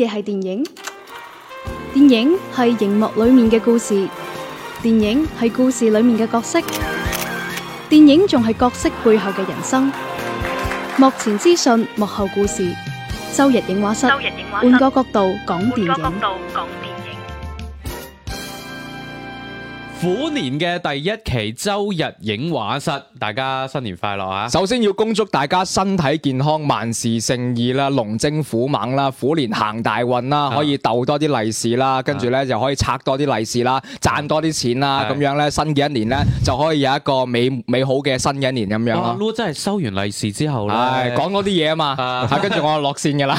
嘢係電影，電影係熒幕裏面嘅故事，電影係故事裏面嘅角色，電影仲係角色背後嘅人生。幕前資訊，幕後故事，周日映畫室，換個角度講電影。虎年嘅第一期周日映畫室，大家新年快樂啊！首先要恭祝大家身體健康，萬事勝意啦，龍精虎猛啦，虎年行大運啦，啊、可以斗多啲利是啦，跟住咧就可以拆多啲利是啦，賺多啲錢啦，咁、啊、樣咧新嘅一年咧就可以有一個美美好嘅新嘅一年咁樣咯、啊啊啊。真係收完利是之後咧，講啲嘢啊嘛，跟住我落線噶啦。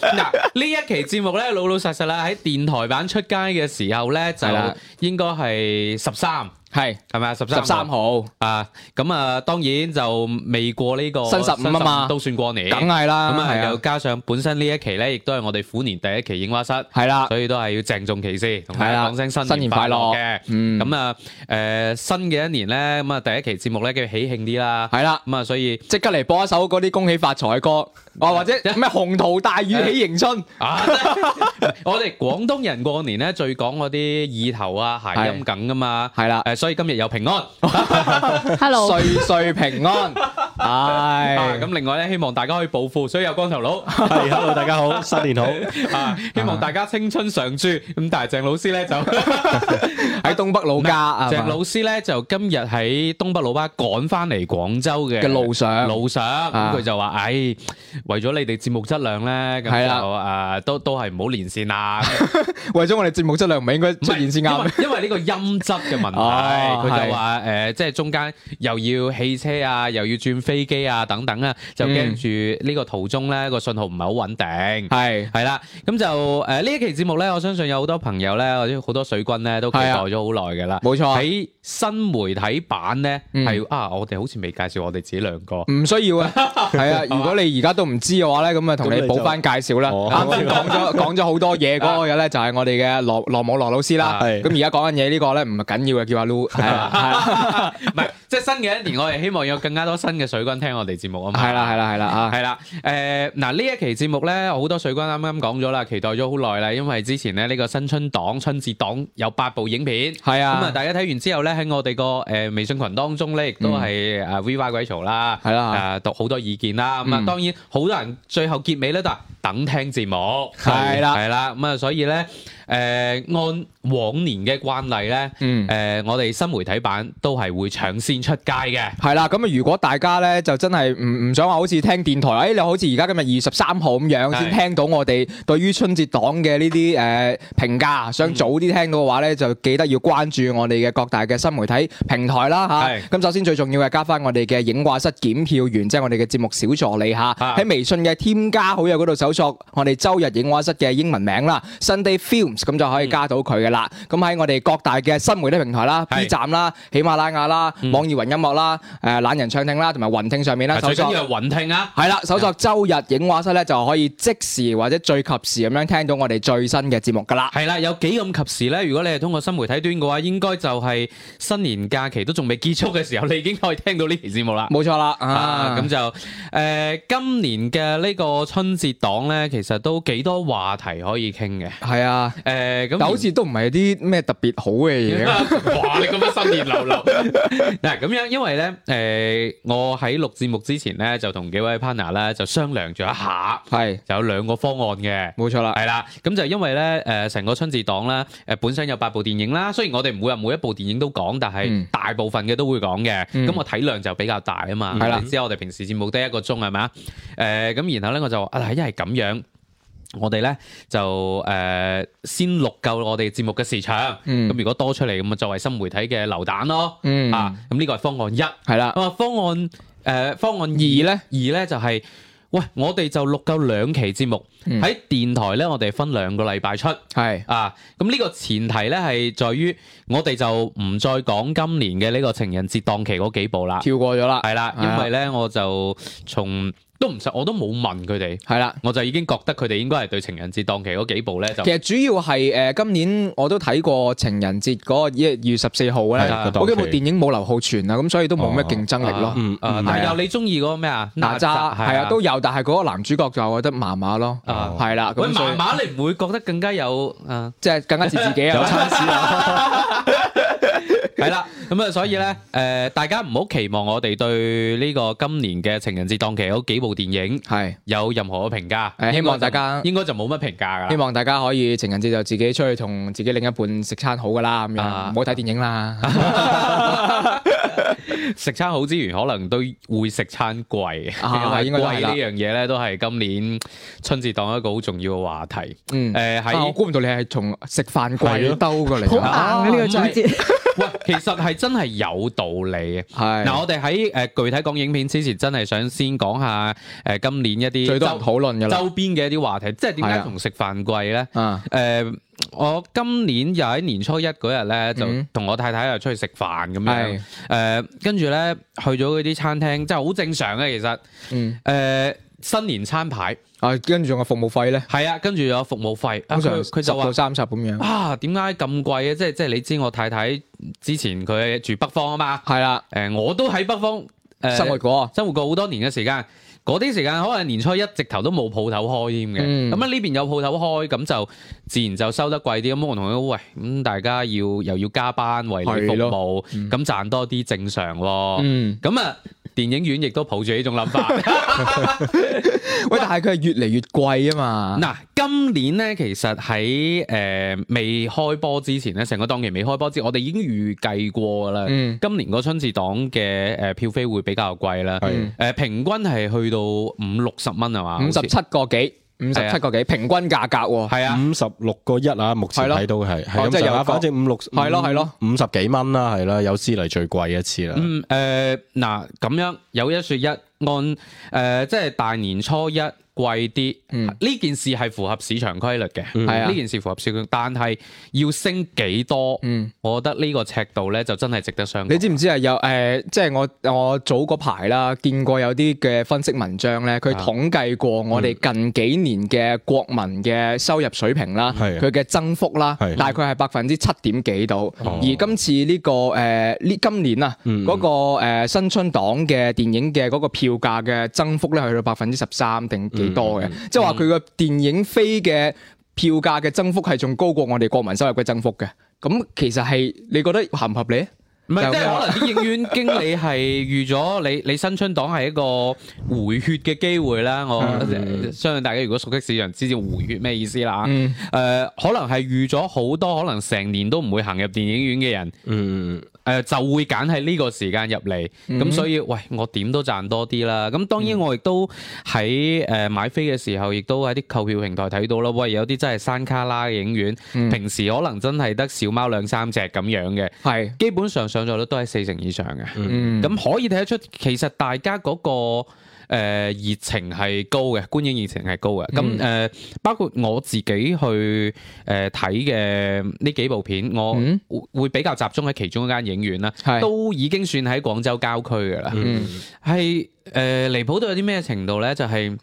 嗱呢一期節目咧老老實實啦喺電台版出街嘅時候咧就啦應該。係十三。係，係咪啊？十三號啊，咁啊，當然就未過呢個新十五啊嘛，都算過年，梗係啦，咁啊係，又加上本身呢一期咧，亦都係我哋虎年第一期映畫室，係啦，所以都係要鄭重其事，同大家講聲新年快樂嘅，嗯，咁啊，誒，新嘅一年咧，咁啊，第一期節目咧，叫喜慶啲啦，係啦，咁啊，所以即刻嚟播一首嗰啲恭喜發財嘅歌，哦，或者咩鴻圖大宇喜迎春，我哋廣東人過年咧最講嗰啲意頭啊諧音梗噶嘛，係啦。所以今日又平安，Hello，歲歲平安。係咁，另外咧，希望大家可以暴富，所以有光頭佬，Hello，大家好，新年好。啊，希望大家青春常駐。咁但係鄭老師咧就喺東北老家。鄭老師咧就今日喺東北老家趕翻嚟廣州嘅路上，路上咁佢就話：，唉，為咗你哋節目質量咧，咁就啊，都都係唔好連線啦。為咗我哋節目質量，唔係應該出現先啱。因為呢個音質嘅問題。係佢就話誒，即係中間又要汽車啊，又要轉飛機啊，等等啊，就驚住呢個途中咧個信號唔係好穩定。係係啦，咁就誒呢一期節目咧，我相信有好多朋友咧，或者好多水軍咧都期待咗好耐噶啦。冇錯，喺新媒體版咧係啊，我哋好似未介紹我哋自己兩個。唔需要啊，係啊，如果你而家都唔知嘅話咧，咁啊同你補翻介紹啦。啱啱講咗講咗好多嘢嗰個嘢咧，就係我哋嘅羅羅姆羅老師啦。咁而家講緊嘢呢個咧唔係緊要嘅，叫阿係啦，唔係即係新嘅一年，我哋希望有更加多新嘅水軍聽我哋節目啊！係啦，係啦，係啦，啊，係啦，誒，嗱呢一期節目咧，好多水軍啱啱講咗啦，期待咗好耐啦，因為之前咧呢個新春檔、春節檔有八部影片，係啊，咁啊大家睇完之後咧喺我哋個誒微信群當中咧亦都係誒 very 鬼嘈啦，係啦，誒讀好多意見啦，咁啊當然好多人最後結尾咧都係等聽節目，係啦，係啦，咁啊所以咧。誒按往年嘅慣例咧，誒我哋新媒體版都係會搶先出街嘅。係啦，咁啊，如果大家咧就真係唔唔想話好似聽電台，誒你好似而家今日二十三號咁樣先聽到我哋對於春節檔嘅呢啲誒評價，想早啲聽到嘅話咧，就記得要關注我哋嘅各大嘅新媒體平台啦嚇。係。咁首先最重要係加返我哋嘅映畫室檢票員，即係我哋嘅節目小助理嚇。係。喺微信嘅添加好友嗰度搜索我哋週日映畫室嘅英文名啦，Sunday Films。咁就可以加到佢嘅啦。咁喺我哋各大嘅新媒體平台啦，B 是站啦、喜馬拉雅啦、嗯、網易雲音樂啦、誒懶人唱聽啦，同埋雲聽上面啦。首先係雲聽啊。係啦，搜索「周日影畫室」咧就可以即時或者最及時咁樣聽到我哋最新嘅節目噶啦。係啦，有幾咁及時咧？如果你係通過新媒體端嘅話，應該就係新年假期都仲未結束嘅時候，你已經可以聽到呢期節目啦。冇錯啦。啊，咁、啊、就誒、呃、今年嘅呢個春節檔咧，其實都幾多話題可以傾嘅。係啊。誒，但好似都唔係啲咩特別好嘅嘢，啊。 哇，你咁樣新年流流。嗱，。 咁樣因為咧，誒，我喺錄節目之前咧，就同幾位 partner 咧就商量咗一下，係是，就有兩個方案嘅。冇錯啦，係啦。咁就因為咧，誒，成個春節檔咧，誒，本身有八部電影啦。雖然我哋唔會每一部電影都講，但係大部分嘅都會講嘅。咁、嗯嗯、我體量就比較大啊嘛。係啦的，知、嗯、我哋平時節目得一個鐘係咪啊？誒，咁、嗯、然後咧我就啊，一係咁樣。我哋咧就誒先錄夠我哋節目嘅時長，咁如果多出嚟咁啊，作為新媒體嘅流彈咯，啊，咁呢個係方案一，係啦。咁啊方案誒方案二咧，二咧就係喂，我哋就錄夠兩期節目喺電台咧，我哋分兩個禮拜出，係啊。咁呢個前提咧係在於我哋就唔再講今年嘅呢個情人節檔期嗰幾部啦，跳過咗啦，係啦，因為咧我就從。都唔實，我都冇問佢哋。係啦，我就已經覺得佢哋應該係對情人節檔期嗰幾部咧就。其實主要係誒今年我都睇過情人節嗰一月十四號咧，好幾部電影冇劉浩存啊，咁所以都冇咩競爭力咯。嗯，係你中意嗰個咩啊？哪吒？係啊，都有，但係嗰個男主角就我覺得麻麻咯。係啦，咁麻麻你唔會覺得更加有誒，即係更加似自己啊？有參係啦，咁啊，所以咧，誒，大家唔好期望我哋對呢個今年嘅情人節檔期有幾部電影係有任何嘅評價，希望大家應該就冇乜評價噶，希望大家可以情人節就自己出去同自己另一半食餐好噶啦，咁樣，唔好睇電影啦，食餐好之餘，可能都會食餐貴，貴呢樣嘢咧都係今年春節檔一個好重要嘅話題。嗯，誒係，我估唔到你係從食飯貴兜過嚟，好硬嘅呢個轉折。 其實係真係有道理嘅。係嗱是、啊，我哋喺誒具體講影片之前，真係想先講下誒、呃、今年一啲最多討論周邊嘅一啲話題，即係點解同食飯貴咧？誒、啊呃，我今年又喺年初一嗰日呢，就同我太太又出去食飯咁樣。誒是，跟住、呃、呢，去咗嗰啲餐廳，真係好正常咧。其實，誒、嗯呃、新年餐牌。啊，跟住仲有服務費咧？係啊，跟住有服務費。佢就話三十咁樣。啊，點解咁貴咧？即係即係你知我太太之前佢住北方啊嘛。係啦的，誒、呃、我都喺北方、呃、生活過生活過好多年嘅時間。嗰啲時間可能年初一直頭都冇鋪頭開添嘅，咁啊呢邊有鋪頭開，咁就自然就收得貴啲。咁我同佢喂，咁大家要又要加班為佢服務，咁、嗯、賺多啲正常囉。咁啊、嗯、～、嗯電影院亦都抱住呢種諗法 ， 喂！但係佢係越嚟越貴啊嘛。嗱，今年咧其實喺誒未開播之前咧，成個檔期未開播之前，我哋已經預計過噶啦。嗯、今年個春節檔嘅誒票飛會比較貴啦。誒、嗯呃、平均係去到五六十蚊係嘛？五十七個幾？五十七個幾平均價格喎，五十六個一啊，目前睇到係，咁啊，反正五六，係咯係咯，五十幾蚊啦，係啦，有史以嚟最貴一次啦。嗯，誒，嗱，咁樣有一説一，按誒，即係大年初一。貴啲，呢、嗯、件事係符合市場規律嘅，呢、嗯、件事符合市場，嗯、但係要升幾多？嗯、我覺得呢個尺度咧就真係值得商榷。你知唔知啊？有誒，即、呃、係、就是、我我早嗰排啦，見過有啲嘅分析文章咧，佢統計過、嗯、我哋近幾年嘅國民嘅收入水平啦，佢嘅、嗯、增幅啦，大概係百分之七點幾度。是的 哦、而今次呢、這個誒呢、呃、今年啊，嗰個誒新春檔嘅電影嘅嗰個票價嘅增幅咧，去到百分之十三定幾？多嘅，即係話佢個電影飛嘅票價嘅增幅係仲高過我哋國民收入嘅增幅嘅，咁其實係你覺得合唔合理？唔係這可能啲影院經理係預咗你 你新春檔係一個回血嘅機會啦，我相信大家如果熟悉市場，知道回血咩意思啦。誒、嗯呃，可能係預咗好多可能成年都唔會行入電影院嘅人，嗯，誒、呃、就會揀喺呢個時間入嚟。咁、嗯、所以喂，我點都賺多啲啦。咁當然我亦都喺誒買飛嘅時候，亦都喺啲購票平台睇到啦。喂，有啲真係山卡拉嘅影院，嗯、平時可能真係得小貓兩三隻咁樣嘅，係的的基本上上。上座率都係四成以上嘅，咁、嗯、可以睇得出，其實大家嗰、那個誒、呃、熱情係高嘅，觀影熱情係高嘅。咁誒、嗯呃，包括我自己去誒睇嘅呢幾部片，我會比較集中喺其中一間影院啦，是都已經算喺廣州郊區嘅啦。係誒、嗯呃、離譜到有啲咩程度呢？就係、是。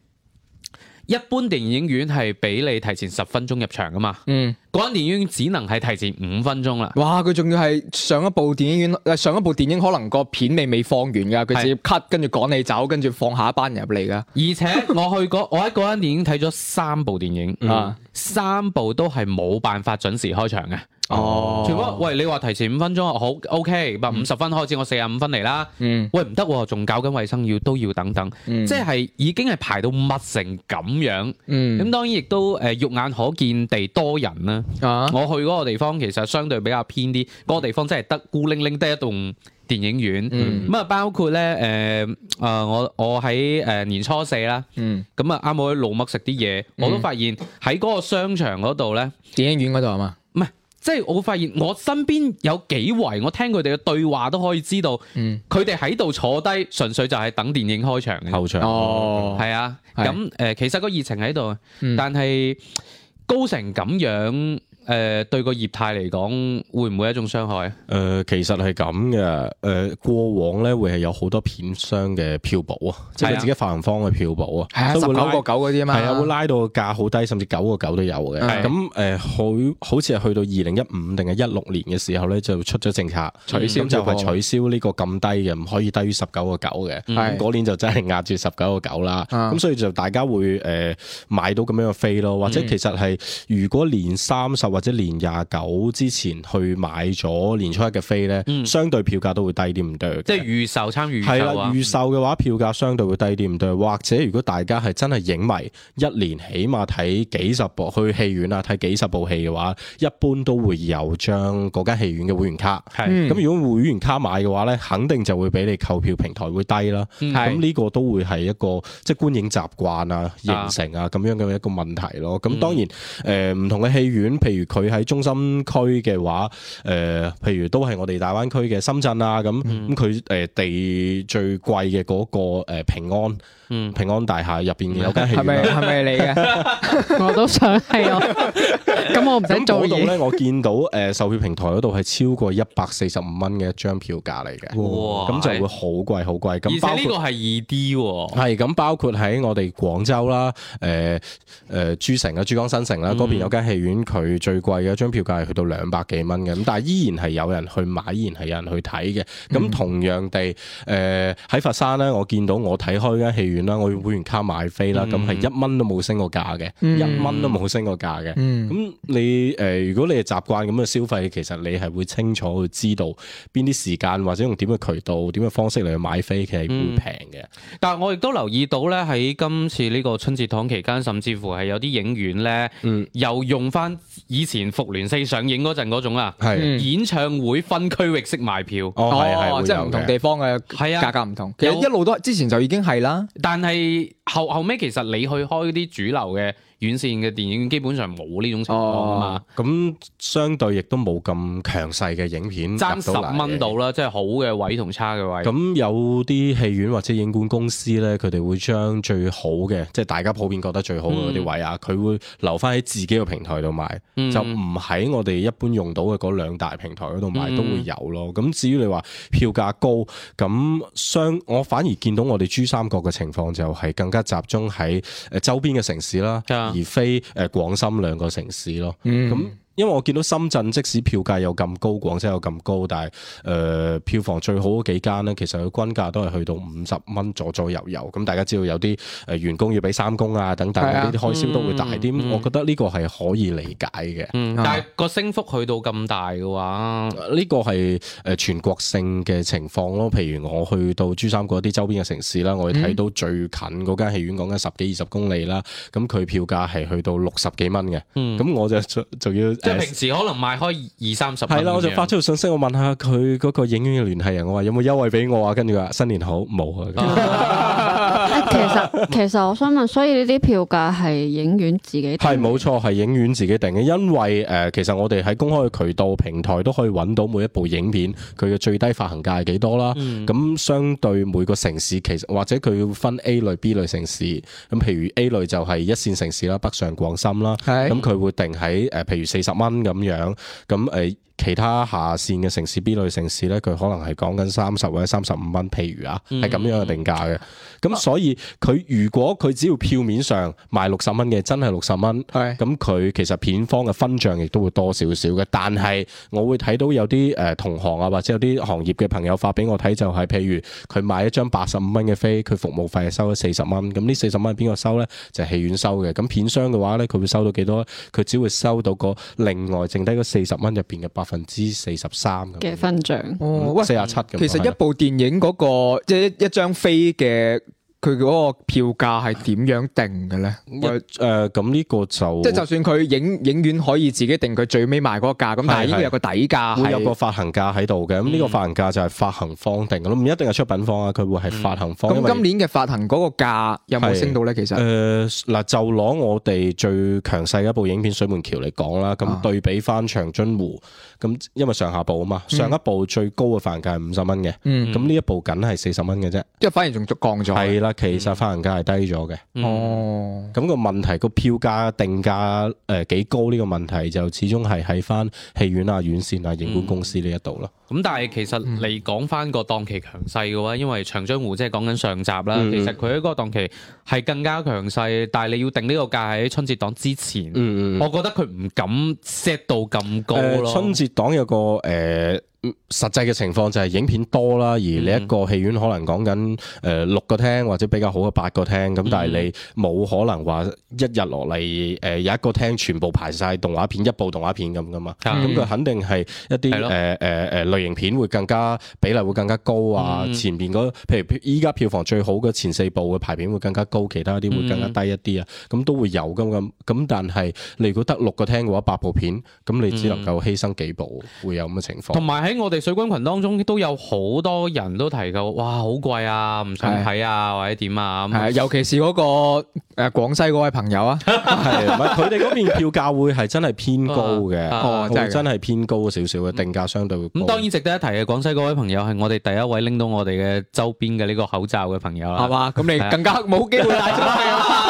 一般電影院係俾你提前十分鐘入場噶嘛，嗯，嗰間電影院只能係提前五分鐘啦。哇，佢仲要係上一部電影院，上一部電影可能個片你未，未放完噶，佢直接 cut，跟住趕你走，跟住放下一班人入嚟噶。而且我去過， 我喺嗰間電影睇咗三部電影、嗯、啊。三步都係冇辦法準時開場嘅。哦，喂，你話提前五分鐘，好，OK，嗱，五十分開始，我四十五分嚟啦。嗯，喂，唔得，仲搞緊衞生，要都要等等。嗯、即係已經係排到密成咁樣。嗯，咁當然亦都誒、呃、肉眼可見地多人啦。啊，啊我去嗰個地方其實相對比較偏啲，嗰、嗰個地方真係得孤零零得一棟。電影院咁啊，嗯、包括咧誒啊！我我喺誒、呃、年初四啦，咁啊啱好去老麥食啲嘢，嗯、我都發現喺嗰個商場嗰度咧，電影院嗰度啊嘛，唔係即係我發現我身邊有幾圍，我聽佢哋嘅對話都可以知道，佢哋喺度坐低，純粹就係等電影開場嘅後場，係、哦嗯、啊，咁誒的，的其實個熱情喺度，但係高成咁樣？誒、呃、對個業態嚟講，會唔會一種傷害？誒、呃、其實係咁嘅，誒、呃、過往咧會係有好多片商嘅票補啊，即係自己發行方嘅票補啊，都會九個九嗰啲啊嘛，係啊，會、啊、拉到價好低，甚至九個九都有嘅。咁誒、啊呃，好好似係去到二零一五定係一六年嘅時候咧，就出咗政策、嗯、取消就係取消呢個咁低嘅，唔可以低於十九個九嘅。嗰、啊、年就真係壓住十九個九啦。咁、啊、所以就大家會誒、呃、買到咁樣嘅飛咯，或者其實係如果年三十，或者年廿九之前去買咗年初一嘅飛咧，嗯、相對票價都會低啲，唔對、啊，即係預售參與係啦，預售嘅話票價相對會低啲，唔對，或者如果大家係真係影迷，一年起碼睇幾十部，去戲院啊睇幾十部戲嘅話，一般都會有張嗰間戲院嘅會員卡。係咁、嗯，如果會員卡買嘅話咧，肯定就會比你購票平台會低啦。咁呢、嗯、個都會係一個即係觀影習慣啊、形成啊咁、啊、樣嘅一個問題咯。咁當然誒唔、呃、同嘅戲院，譬如。佢喺中心區嘅話，誒、呃，譬如都係我哋大灣區嘅深圳啊，咁咁佢誒地最貴嘅嗰個、那個、呃、平安。嗯，平安大廈入邊有間戲院，係咪係咪你嘅？ 我都想係，咁 我唔想做嘢。嗰度咧，我見到誒、呃、售票平台嗰度係超過一百四十五蚊嘅一張票價嚟嘅，咁哇就會好貴，好貴。咁而且呢個係二 D，係咁包括喺、啊、我哋廣州啦，誒、呃、誒、呃，珠城啊，珠江新城啦，嗰邊、嗯、有間戲院，佢最貴嘅一張票價係去到兩百幾蚊嘅，咁但係依然係有人去買，依然係有人去睇嘅。咁同樣地，誒、呃、喺佛山咧，我見到我睇開間戲院。啦，我用會員卡買飛啦，咁係一蚊都冇升過價嘅，一蚊都冇升過價嘅。咁你誒，如果你係習慣咁嘅消費，其實你係會清楚去知道邊啲時間或者用點嘅渠道、點嘅方式嚟去買飛，其實會平嘅。但係我亦都留意到咧，喺今次呢個春節檔期間，甚至乎係有啲影院咧，又用翻以前復聯四上映嗰陣嗰種啊，係演唱會分區域式賣票，哦，係係，即係唔同地方嘅係啊，價格唔同，其實一路都係之前就已經係啦。但係後後尾，其實你去開啲主流嘅院線嘅電影基本上冇呢種情況啊嘛，咁、哦、相對亦都冇咁強勢嘅影片爭十蚊到啦，即係、就是、好嘅位同差嘅位。咁有啲戲院或者影管公司咧，佢哋會將最好嘅，即係大家普遍覺得最好嗰啲位、嗯、啊，佢會留返喺自己嘅平台度賣，嗯、就唔喺我哋一般用到嘅嗰兩大平台度賣、嗯、都會有咯。咁至於你話票價高，咁相我反而見到我哋珠三角嘅情況就係更加集中喺誒周邊嘅城市啦。嗯嗯而非誒廣深兩個城市咯，嗯，咁。因為我見到深圳即使票價又咁高，廣州又咁高，但係誒、呃、票房最好嗰幾間咧，其實佢均價都係去到五十蚊左左右右。咁大家知道有啲誒員工要俾三公等等啊，等等呢啲開銷都會大啲。嗯、我覺得呢個係可以理解嘅。嗯啊、但係個升幅去到咁大嘅話，呢個係誒全國性嘅情況咯。譬如我去到珠三角啲周邊嘅城市啦，我會睇到最近嗰間戲院講緊十幾二十公里啦，咁佢票價係去到六十幾蚊嘅。咁我就仲要。哎即係平時可能賣開二三十蚊，係啦，我就發出條信息，我問，問下佢嗰個影院嘅聯繫人，我話有冇優惠俾我啊？跟住話新年好，冇啊。咁 其實其實我想問，所以呢啲票價係影院自己定？係冇錯，係影院自己定嘅，因為誒、呃，其實我哋喺公開嘅渠道平台都可以揾到每一部影片佢嘅最低發行價係幾多啦。咁、嗯、相對每個城市其實或者佢要分 A 類 B 類城市，咁譬如 A 類就係一線城市啦，北上廣深啦，咁佢是會定喺誒、呃，譬如四十蚊咁樣，咁誒。呃其他下線嘅城市 B 類城市呢，佢可能係講緊三十或者三十五蚊，譬如、嗯、啊，係咁樣嘅定價嘅。咁所以佢如果佢只要票面上賣六十蚊嘅，真係六十蚊，咁佢的其實片方嘅分賬亦都會多少少嘅。但係我會睇到有啲誒、呃、同行啊，或者有啲行業嘅朋友發俾我睇，就係、是、譬如佢買一張八十五蚊嘅飛，佢服務費係收咗四十蚊，咁呢四十蚊係邊個收呢？就係、戲院收嘅。咁片商嘅話呢，佢會收到幾多？佢只會收到個另外剩低嗰四十蚊入邊嘅八。百 43, 分之四十三嘅分賬，四十七嘅。47, 其實一部電影嗰、那個，即係、嗯、一張飛嘅。佢嗰個票價係點樣定嘅咧？誒，咁呢個就即係就算佢影影院可以自己定佢最尾賣嗰個價，咁但係會有個底價，會有個發行價喺度嘅。咁呢個發行價就係發行方定嘅咯，唔一定係出品方啊。佢會係發行方。咁今年嘅發行嗰個價有冇升到咧？其實誒，嗱，就攞我哋最強勢嘅一部影片《水門橋》嚟講啦。咁對比翻《長津湖》，咁因為上下部啊嘛，上一部最高嘅發行價係五十蚊嘅，咁呢一部梗係四十蚊嘅啫，即係反而仲降咗。係啦。啊，其實發行價係低咗嘅。哦、嗯，咁個問題個票價定價誒幾高呢、呢個問題就始終係喺翻戲院啊、院線啊、影管公司呢一度咯。咁、嗯嗯、但係其實嚟講翻個檔期強勢嘅話，因為長津湖即係講緊上集啦，嗯、其實佢喺個檔期係更加強勢，但係你要定呢個價喺春節檔之前，嗯、我覺得佢唔敢 set 到咁高咯、嗯。春節檔有個誒。呃實際嘅情況就係影片多啦，而你一個戲院可能講緊誒六個廳或者比較好嘅八個廳，咁、嗯、但係你冇可能話一日落嚟，誒有一個廳全部排晒動畫片，一部動畫片咁噶嘛？咁佢、嗯、肯定係一啲誒誒誒類型片會更加，比例會更加高啊！嗯、前面嗰個譬如依家票房最好嘅前四部嘅排片會更加高，其他啲會更加低一啲啊！咁、嗯、都會有咁咁，但係你如果得六個廳嘅話，八部片咁你只能夠犧牲幾部會有咁嘅情況，同埋喺。我哋水軍群當中都有好多人都提到，哇，好貴啊，唔想睇啊，或者點啊。係，尤其是嗰個誒廣西嗰位朋友啊，係，佢哋嗰邊票價會係真係偏高嘅，真係偏高少少嘅定價相對會高。咁當然值得一提嘅，廣西嗰位朋友係我哋第一位拎到我哋嘅周邊嘅呢個口罩嘅朋友啦，係嘛，咁你更加冇機會帶出去。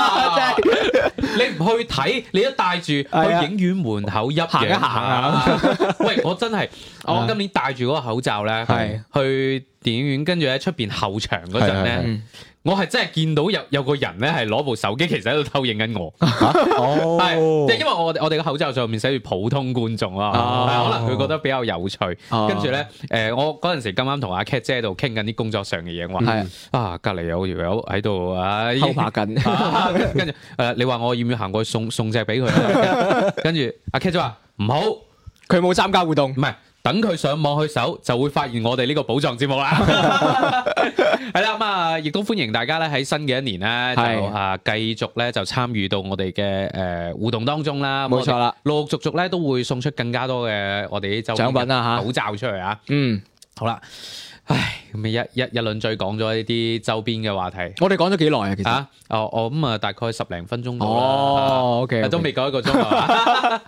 你唔去睇，你都戴住去影院門口入行一行啊！的 喂，我真係，我今年戴住嗰個口罩呢，係的去電影院，跟住喺出邊後場嗰陣呢，我係真係見到有有個人咧係攞部手機，其實喺度偷影緊我，係即係因為我我哋個口罩上面寫住普通觀眾啊，可能佢覺得比較有趣，跟住咧誒，我嗰陣時咁啱同阿 Cat 姐喺度傾緊啲工作上嘅嘢話，係、mm. 啊，隔籬有條友喺度偷拍爬緊，跟住誒，你話我要唔要行過去送送隻俾佢？跟住阿 Cat 姐話唔好，佢冇參加活動，唔係。等佢上網去搜，就會發現我哋呢個寶藏節目啦。 係啦，咁啊，亦都歡迎大家咧喺新嘅一年咧就啊繼續咧就參與到我哋嘅誒互動當中啦。冇錯啦，陸陸續續咧都會送出更加多嘅我哋啲獎品啊，嚇，口罩出嚟啊！嗯，好啦。唉，咁咪一一一輪再講咗呢啲周邊嘅話題。我哋講咗幾耐啊？吓，哦，咁啊，大概十零分鐘度哦，OK，都未夠一個鐘。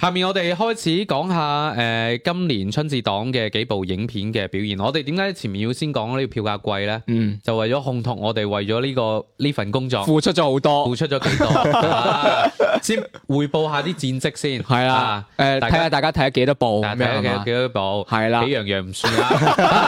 下面我哋開始講下誒，今年春節檔嘅幾部影片嘅表現。我哋點解前面要先講呢？呢個票價貴咧？嗯，就為咗烘托我哋為咗呢個呢份工作付出咗好多，付出咗幾多，先回報下啲戰績先。係啦，誒，睇下大家睇下幾多部，幾多部，係啦，幾樣樣唔算啦。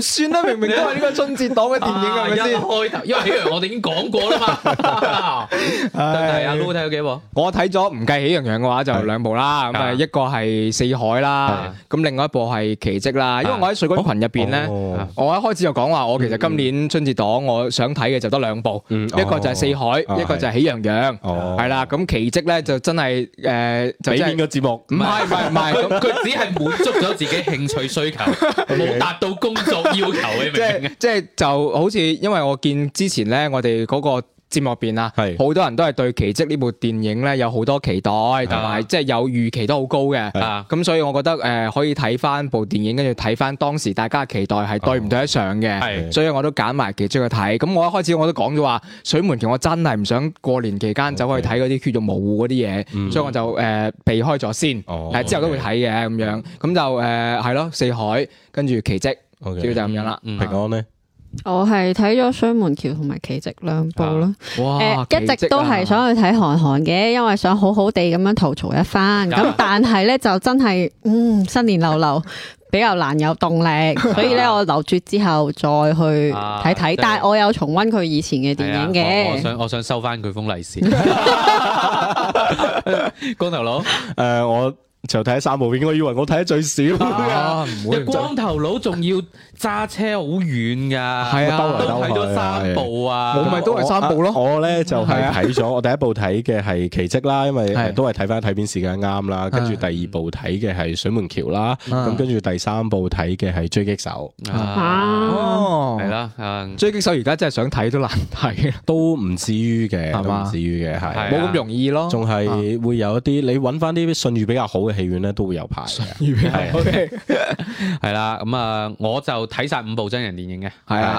算啦，明明都係呢個春節檔嘅電影係咪先？一開頭因為喜羊我哋已經講過啦嘛。係阿 Lulu 睇咗幾部？我睇咗，唔計喜羊羊嘅話就兩部啦。咁啊，一個係四海啦，咁另外一部係奇蹟啦。因為我喺水軍群入邊咧，我一開始就講話我其實今年春節檔我想睇嘅就得兩部，一個就係四海，一個就係喜羊羊。係啦，咁奇蹟咧就真係誒，就係邊個節目？唔係唔係唔係，佢只係滿足咗自己興趣需求，冇達到工作要求嘅，即即、 就是就是、就好似，因為我見之前咧，我哋嗰個節目入邊啊，好是多人都係對《奇蹟》呢部電影咧有好多期待，同埋即係有預期都好高嘅。咁、啊、所以，我覺得誒、呃、可以睇翻部電影，跟住睇翻當時大家期待係對唔對得上嘅。哦、所以我都揀埋《奇蹟》去睇。咁我一開始我都講咗話，《水門橋》我真係唔想過年期間走去睇嗰啲血肉模糊嗰啲嘢，嗯、所以我就誒、呃、避開咗先。之後都會睇嘅咁樣。咁、哦、就誒係咯，四海跟住《奇蹟》。主就咁樣啦。Okay. 嗯、平安咧，我係睇咗《水門橋》同埋《奇蹟》兩部咯。哇，欸啊、一直都係想去睇韓寒嘅，因為想好好地咁樣吐槽一番。咁但係咧就真係，嗯，新年流流比較難有動力， 所以咧、啊、我留住之後再去睇睇。啊、但係我有重溫佢以前嘅電影嘅。啊、我我想我想收翻佢封利是。光 頭佬，佬，誒、 呃，我。就睇三部片，我以為我睇得最少，啊，一光頭佬仲要。揸車好遠㗎，係啊，兜睇咗三部啊，我咪都係三部咯。我咧就係睇咗，我第一部睇嘅係《奇蹟》啦，因為都係睇翻睇片時間啱啦。跟住第二部睇嘅係《水門橋》啦，咁跟住第三部睇嘅係《狙擊手》。啊，係啦，《狙擊手》而家真係想睇都難睇，都唔至於嘅，係嘛？都唔至於嘅係冇咁容易咯，仲係會有一啲你揾翻啲信譽比較好嘅戲院咧，都會有排。信譽比較好，係啦。咁啊，我就。睇晒五部真人電影嘅，係啊！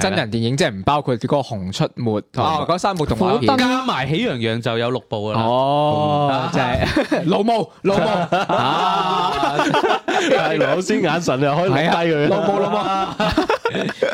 真人電影即係唔包括個《熊出沒》啊，嗰三部動畫加埋《喜羊羊》就有六部啦。哦，就係老毛老毛啊！係老師眼神又可以睇佢。老毛老毛。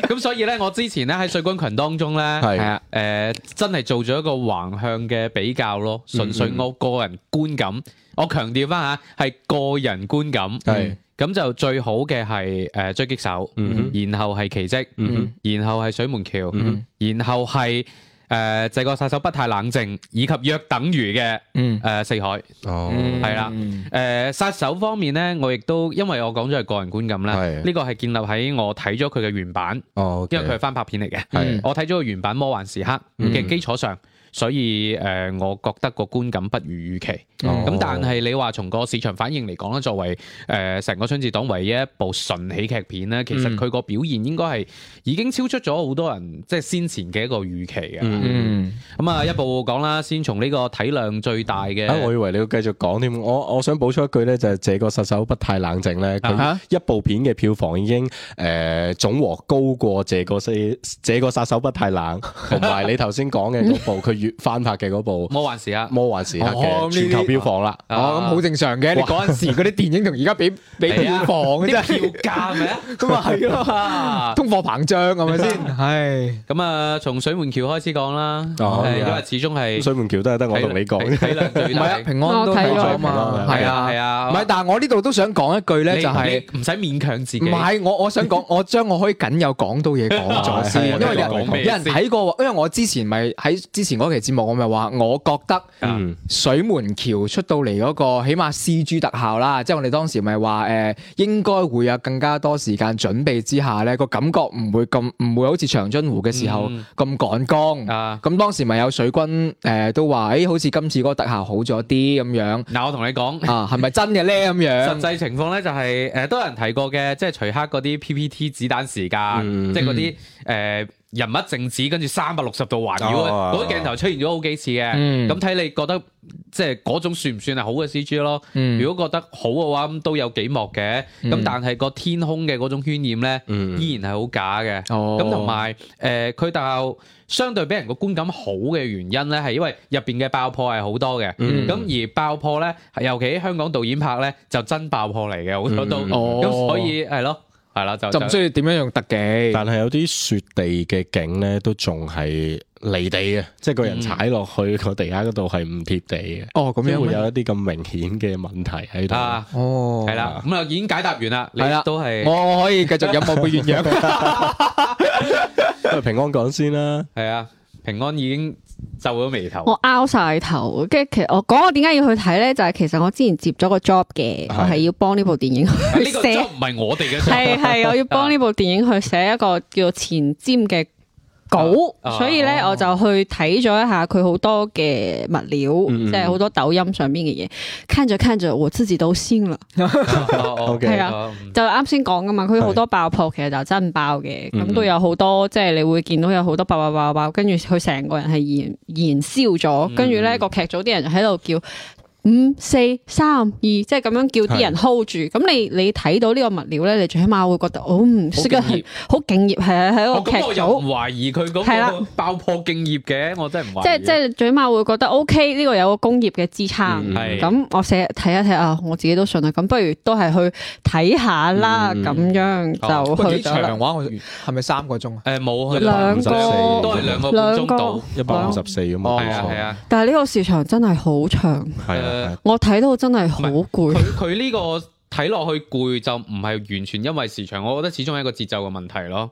咁所以咧，我之前咧喺水軍群當中咧，係啊，誒，真係做咗一個橫向嘅比較咯。純粹我個人觀感，我強調翻嚇係個人觀感。係。咁就最好嘅係誒狙擊手，嗯、哼然後係奇蹟，嗯、哼然後係水門橋，嗯、哼然後係誒這個殺手不太冷靜，以及約等於嘅誒四海。哦，係啦，誒、呃、殺手方面咧，我亦都因為我講咗係個人觀感啦，呢的個係建立喺我睇咗佢嘅原版，哦 okay、因為佢係翻拍片嚟嘅，的的我睇咗個原版《魔幻時刻》嘅基礎上。嗯所以誒，我覺得個觀感不如預期。咁、哦、但係你話從個市場反應嚟講咧，作為誒成個春節檔唯一一部純喜劇片咧，嗯、其實佢個表現應該係已經超出咗好多人即係先前嘅一個預期嘅。咁啊，一部講啦，先從呢個體量最大嘅、啊。我以為你要繼續講添。我我想補充一句咧，就係、是、這個殺手不太冷靜咧，佢一部片嘅票房已經誒、呃、總和高過這個殺這個殺手不太冷》，同埋你頭先講嘅嗰部佢。翻拍嘅嗰部魔幻時刻，魔幻時刻嘅全球票房啦，咁好正常嘅。嗰陣時嗰啲電影同而家比比票房真係跳價，係咪咁啊？係啊，通貨膨脹係咪先？係咁啊，從水門橋開始講啦。因為始終係水門橋都係得我同你講，唔係啊，平安都睇咗啊嘛。係啊係啊，唔係，但係我呢度都想講一句咧，就係唔使勉強自己。唔係我我想講，我將我可以僅有講到嘢講咗先，因為有人有人睇過，因為我之前咪喺之前嗰節目我咪話，我覺得水門橋出到嚟嗰個，起碼 CG 特效啦，即係我哋當時咪話誒，應該會有更加多時間準備之下咧，個感覺唔會咁，唔會好似長津湖嘅時候咁趕工。咁、嗯啊、當時咪有水軍誒都話，誒、欸、好似今次嗰個特效好咗啲咁樣。嗱，我同你講，係咪真嘅咧咁樣？ 實際情況咧就係、是、誒、呃，都有人提過嘅，即係徐克嗰啲 PPT 子彈時間，嗯、即係嗰啲誒。呃人物靜止，跟住三百六十度環繞嗰啲鏡頭出現咗好幾次嘅，咁睇你覺得即係嗰種算唔算係好嘅 CG 咯？如果覺得好嘅話，咁都有幾幕嘅，咁但係個天空嘅嗰種渲染呢，依然係好假嘅。咁同埋誒，佢但係相對俾人個觀感好嘅原因呢，係因為入邊嘅爆破係好多嘅，咁而爆破呢，尤其喺香港導演拍呢，就真爆破嚟嘅好多都，咁所以係咯。係啦，就唔需要點樣用特技。但係有啲雪地嘅景咧，都仲係離地嘅，即係個人踩落去個地下嗰度係唔貼地嘅。哦，咁樣會有一啲咁明顯嘅問題喺度。啊，哦，係啦，咁啊已經解答完啦。係啦，都係我可以繼續飲我杯鴛鴦。平安講先啦。係啊。平安已經皺咗眉頭，我拗晒頭，跟住其實我講我點解要去睇咧，就係、是、其實我之前接咗個 job 嘅。的我係要幫呢部電影去寫，呢個 job 唔係我哋嘅。係係 我要幫呢部電影去寫一個叫做前瞻嘅稿，所以咧我就去睇咗一下佢好多嘅物料，嗯嗯即係好多抖音上邊嘅嘢，看著看著我自己都，我知到先啦。係啊，就啱先講噶嘛，佢好多爆破其實就真爆嘅，咁都、嗯嗯、有好多，即係你會見到有好多爆爆爆爆，跟住佢成個人係燃燃燒咗，跟住咧個劇組啲人喺度叫。五四三二，即係咁樣叫啲人 hold 住。咁你你睇到，呢個物料咧，你最起碼會覺得哦，好敬業，好敬業，係啊，喺個劇組。咁我又唔懷疑佢嗰個爆破敬業嘅，我真係唔即係即係最起碼會覺得 OK，呢個有個工業嘅支撐。係咁，我成睇一睇啊，我自己都信啊。咁不如都係去睇下啦，咁樣就去得啦。不過幾長話，係咪三個鐘啊？誒，冇，兩兩都係兩個半鐘到，一百五十四咁啊。但係呢個時長真係好長。係啊。 我睇到真係好攰，佢呢個睇落去攰就唔係完全因為時長，我覺得始終係一個節奏嘅問題咯。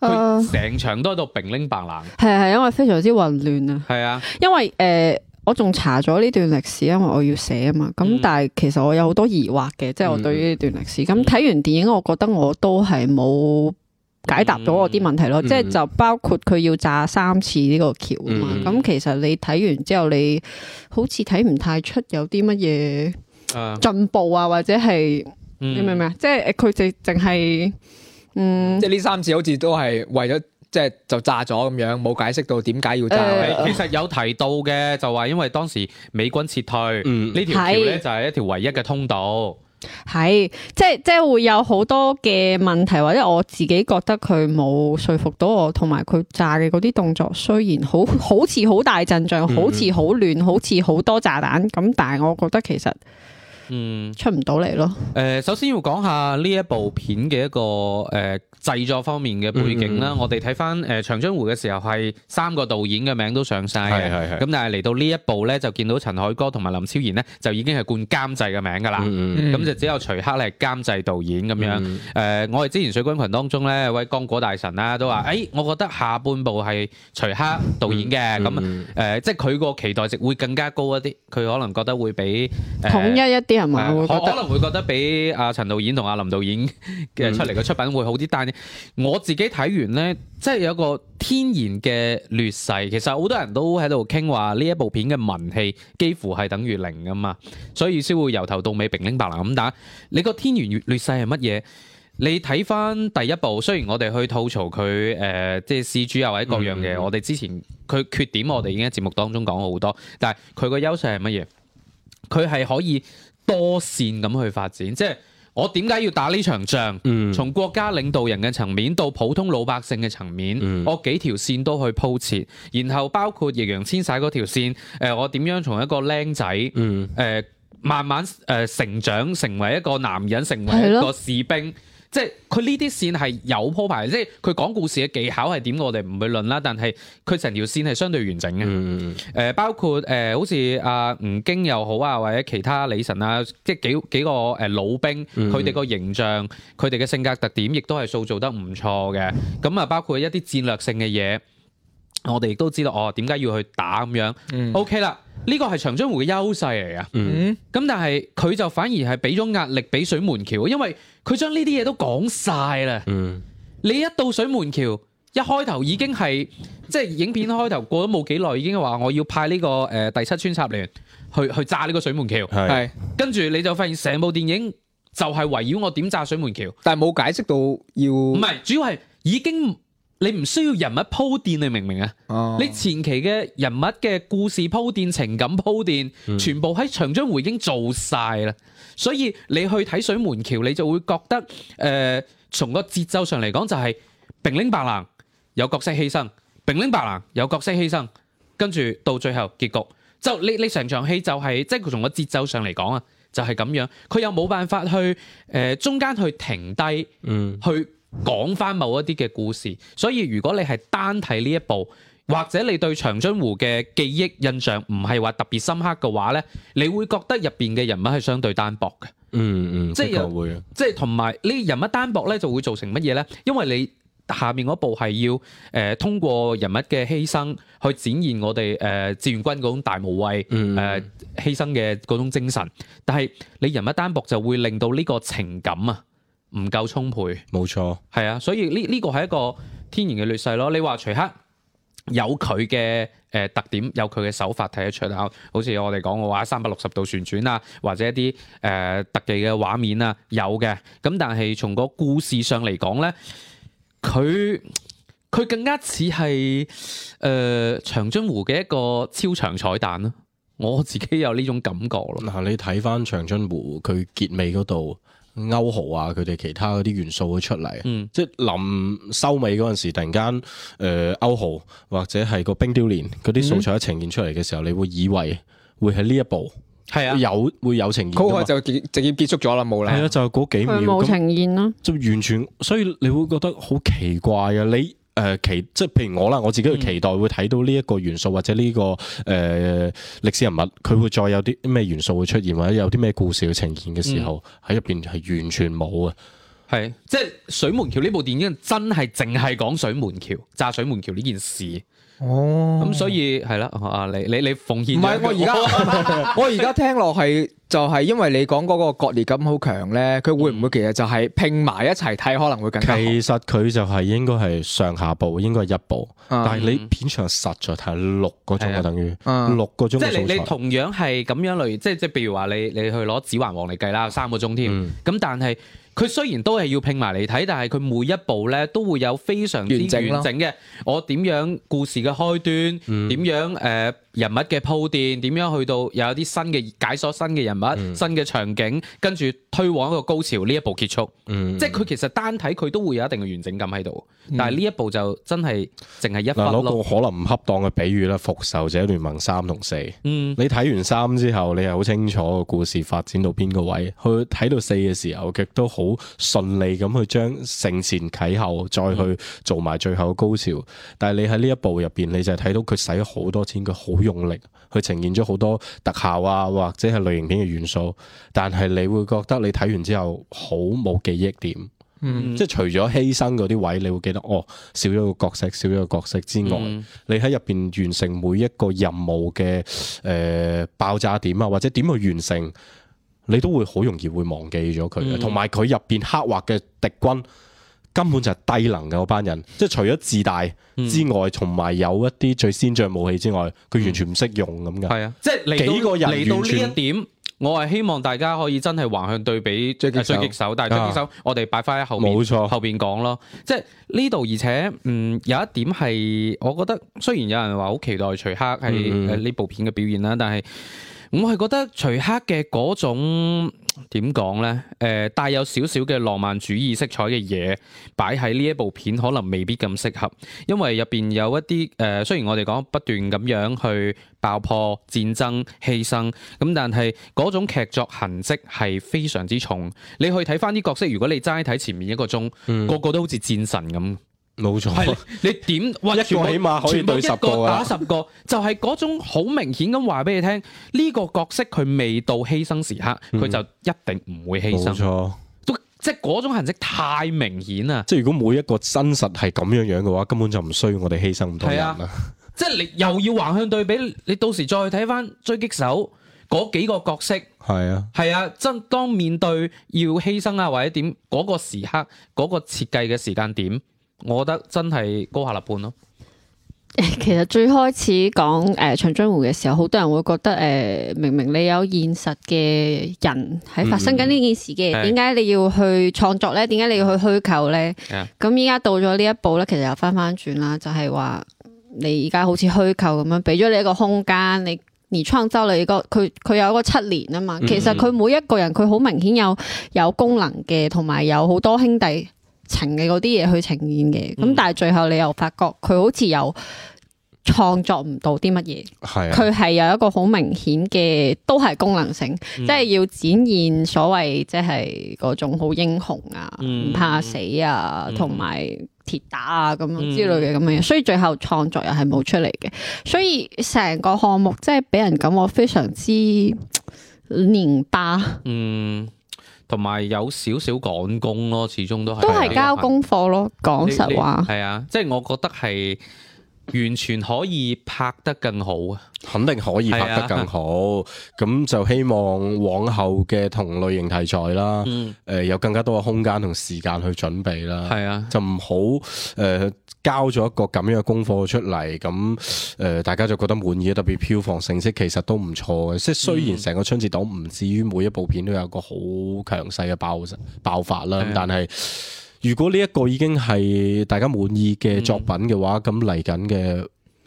成場都喺度並拎白冷，係啊係因為非常之混亂啊。係啊，因為誒、呃、我仲查咗呢段歷史，因為我要寫啊嘛。咁但係其實我有好多疑惑嘅，即係、嗯、我對於呢段歷史。咁睇完電影，我覺得我都係冇解答咗我啲問題咯，嗯、即係就包括佢要炸三次呢個橋嘛。咁、嗯、其實你睇完之後，你好似睇唔太出有啲乜嘢進步啊，呃、或者係、嗯、你明唔明啊？即係佢就淨係嗯，即係呢三次好似都係為咗即係就炸咗咁樣，冇解釋到點解要炸。呃呃、其實有提到嘅就話，因為當時美軍撤退，呢、嗯嗯、條橋咧就係一條唯一嘅通道。係，即係即係會有好多嘅問題，或者我自己覺得佢冇說服到我，同埋佢炸嘅嗰啲動作，雖然好好似好大陣仗，好似好亂，好似好多炸彈，咁但係我覺得其實。嗯，出唔到嚟咯。誒，首先要講下呢一部片嘅一個誒、呃、製作方面嘅背景啦。嗯嗯、我哋睇翻誒長津湖嘅時候，係三個導演嘅名都上晒。咁但係嚟到呢一部咧，就見到陳凱歌同埋林超賢咧，就已經係冠監製嘅名㗎啦。咁、嗯嗯、就只有徐克係監製導演咁樣誒，我哋之前水軍群當中咧，有位剛果大神啦，都話、嗯：「誒、欸，我覺得下半部係徐克導演嘅。咁誒、呃，即係佢個期待值會更加高一啲。佢可能覺得會比統一一啲。嗯、我可能會覺得比阿陳導演同阿林導演嘅出嚟嘅出品會好啲，但係 我自己睇完呢，即係有個天然嘅劣勢。其實好多人都喺度傾話呢一部片嘅文氣幾乎係等於零噶嘛，所以先會由頭到尾平明白拿咁打。但你個天然劣劣勢係乜嘢？你睇翻第一部，雖然我哋去吐槽佢誒、呃，即係視主又或者各樣嘢，嗯、我哋之前佢缺點我哋已經喺節目當中講咗好多，但係佢個優勢係乜嘢？佢係可以。多線咁去發展，即係我點解要打呢場仗？嗯、從國家領導人嘅層面到普通老百姓嘅層面，嗯、我幾條線都去鋪設，然後包括易烊千璽嗰條線，呃、我點樣從一個靚仔，誒、嗯呃、慢慢誒成長成為一個男人，成為一個士兵。即係佢呢啲線係有鋪排，即係佢講故事嘅技巧係點，我哋唔會論啦。但係佢成條線係相對完整嘅。誒、嗯，包括誒、呃，好似阿吳京又好啊，或者其他李晨啊，即係幾幾個誒老兵，佢哋個形象、佢哋嘅性格特點，亦都係塑造得唔錯嘅。咁啊，包括一啲戰略性嘅嘢，我哋都知道哦，點解要去打咁樣、嗯、？OK 啦。呢個係長津湖嘅優勢嚟啊！咁、嗯、但係佢就反而係俾咗壓力俾水門橋，因為佢將呢啲嘢都講晒啦。嗯、你一到水門橋，一開頭已經係即係影片開頭過咗冇幾耐，已經話我要派呢、呢個誒、呃、第七穿插聯去去炸呢個水門橋。係是跟住你就發現成部電影就係圍繞我點炸水門橋，但係冇解釋到要。唔係主要係已經。你唔需要人物鋪墊，你明唔明啊？Oh. 你前期嘅人物嘅故事鋪墊、情感鋪墊，mm. 全部喺長津湖已經做晒啦。所以你去睇水門橋，你就會覺得誒，從個節奏上嚟講就係乒鈴白蘭，有角色犧牲；乒鈴白蘭，有角色犧牲。跟住到最後結局，就你你成場戲就係即係佢從個節奏上嚟講啊，就係咁樣。佢又冇辦法去誒、呃、中間去停低，嗯，去。講翻某一啲嘅故事，所以如果你係單睇呢一部，或者你對長津湖嘅記憶印象唔係話特別深刻嘅話咧，你會覺得入邊嘅人物係相對單薄嘅、嗯。嗯嗯，即係又會，即係同埋呢人物單薄咧，就會造成乜嘢咧？因為你下面嗰部係要誒、呃、通過人物嘅犧牲去展現我哋誒志願軍嗰種大無畏、誒、嗯呃、犧牲嘅嗰種精神，但係你人物單薄就會令到呢個情感啊～唔夠充沛，冇錯，係啊，所以呢呢個係一個天然嘅劣勢咯。你話徐克有佢嘅誒特點，有佢嘅手法睇得出啦。好似我哋講嘅話，三百六十度旋轉啊，或者一啲誒特技嘅畫面啊，有嘅。咁但係從個故事上嚟講呢，佢佢更加似係誒長津湖嘅一個超長彩蛋咯。我自己有呢種感覺咯。嗱，你睇翻長津湖佢結尾嗰度。歐豪啊，佢哋其他嗰啲元素會出嚟，嗯、即係臨收尾嗰陣時，突然間，誒、呃，歐豪或者係個冰雕連嗰啲素材呈現出嚟嘅時候，嗯、你會以為會喺呢一步，係啊，有會有呈現，好快就直接結束咗啦，冇啦，係啊，就嗰、是、幾秒冇呈現啦、啊，就完全，所以你會覺得好奇怪啊，你。誒，期即係譬如我啦，我自己去期待會睇到呢一個元素或者呢個誒歷史人物，佢會再有啲咩元素會出現或者有啲咩故事嘅呈現嘅時候，喺入邊係完全冇啊。係即係《水門橋》呢部電影真係淨係講水門橋炸水門橋呢件事。哦，咁、嗯、所以係啦，啊，你你你奉獻唔係我而家，我而家 聽落係就係因為你講嗰個割裂感好強咧，佢會唔會其實就係拼埋一齊睇可能會更加？其實佢就係應該係上下部，應該係一部，但係你片長實在係六,六個鐘啊，等於六個鐘。即係你你同樣係咁樣類，即係即係，譬如話你你去攞《指環王》嚟計啦，三個鐘添，咁、嗯、但係。佢雖然都係要拼埋嚟睇，但係佢每一步呢都會有非常之整的完整嘅。我點樣故事嘅開端？點、嗯、樣誒？呃人物嘅鋪墊點樣去到又有一啲新嘅解鎖新嘅人物、嗯、新嘅場景，跟住推往一個高潮呢一步結束，嗯、即係佢其實單睇佢都會有一定嘅完整感喺度。嗯、但係呢一部就真係淨係一個可能唔恰當嘅比喻啦，《復仇者聯盟三》同四、嗯，你睇完三之後，你係好清楚個故事發展到邊個位，去睇到四嘅時候，佢都好順利咁去將承前啟後再去做埋最後嘅高潮。但係你喺呢一步入邊你就係睇到佢使好多錢佢好。用力去呈現咗好多特效啊，或者係類型片嘅元素，但係你會覺得你睇完之後好冇記憶點，嗯、即係除咗犧牲嗰啲位，你會記得哦，少咗個角色，少咗個角色之外，嗯、你喺入邊完成每一個任務嘅誒、呃、爆炸點啊，或者點去完成，你都會好容易會忘記咗佢嘅，同埋佢入邊刻畫嘅敵軍。根本就係低能嘅嗰班人，即係除咗自大之外，同埋、嗯、有一啲最先進武器之外，佢完全唔識用咁嘅。係啊，即係幾個人嚟到呢全一點，我係希望大家可以真係橫向對比狙擊手，但係狙擊手我哋擺翻喺後面，冇錯，後邊講咯。即係呢度，而且嗯、有一點係，我覺得雖然有人話好期待徐克係呢部片嘅表現啦，但係我係覺得徐克嘅嗰種。點講呢？誒、呃、帶有少少嘅浪漫主義色彩嘅嘢擺喺呢一部片，可能未必咁適合，因為入邊有一啲誒、呃。雖然我哋講不斷咁樣去爆破、戰爭、犧牲，咁但係嗰種劇作痕跡係非常之重。你去睇翻啲角色，如果你齋睇前面一個鐘，嗯、個個都好似戰神咁。冇錯，係你點？哇 部！碼個一個起碼可以對十個打十個， 就係嗰種好明顯咁話俾你聽呢、這個角色佢未到犧牲時刻，佢、嗯、就一定唔會犧牲。冇錯錯，都即係嗰種痕跡太明顯啦。即係如果每一個真實係咁樣樣嘅話，根本就唔需要我哋犧牲唔到，人啦、啊。 即係你又要橫向對比，你到時再睇翻狙擊手嗰幾個角色，係啊，係啊，真、啊、當面對要犧牲啊，或者點嗰、那個時刻嗰、那個設計嘅時間點。我覺得真係高下立判咯。其實最開始講誒長津湖嘅時候，好多人會覺得誒、呃，明明你有現實嘅人喺發生緊呢件事嘅，點解、嗯、你要去創作咧？點解你要去虛構咧？咁依家到咗呢一步咧，其實又翻翻轉啦，就係、是、話你而家好似虛構咁樣，俾咗你一個空間，你而創周你，創你個佢佢有一個七年啊嘛。其實佢每一個人，佢好明顯有有功能嘅，同埋有好多兄弟。情嘅嗰啲嘢去呈現嘅，咁但係最後你又發覺佢好似又創作唔到啲乜嘢，佢係是、啊、有一個好明顯嘅，都係功能性，嗯、即係要展現所謂即係嗰種好英雄啊，唔、嗯、怕死啊，同埋鐵打啊咁樣之類嘅咁樣，所以最後創作又係冇出嚟嘅，所以成個項目即係俾人感覺非常之擰巴。嗯。 同埋有少少趕工咯，始終都係都係交功課咯，講實話係啊，即係我覺得係。完全可以拍得更好啊！肯定可以拍得更好，咁、啊、就希望往後嘅同類型題材啦，誒、嗯呃，有更加多嘅空間同時間去準備啦。係啊，就唔好誒交咗一個咁樣嘅功課出嚟，咁誒、呃，大家就覺得滿意，特別票房成績其實都唔錯嘅。即係雖然成個春節檔唔至於每一部片都有個好強勢嘅爆爆發啦，啊、但係。如果呢一個已經係大家滿意嘅作品嘅話，咁嚟緊嘅。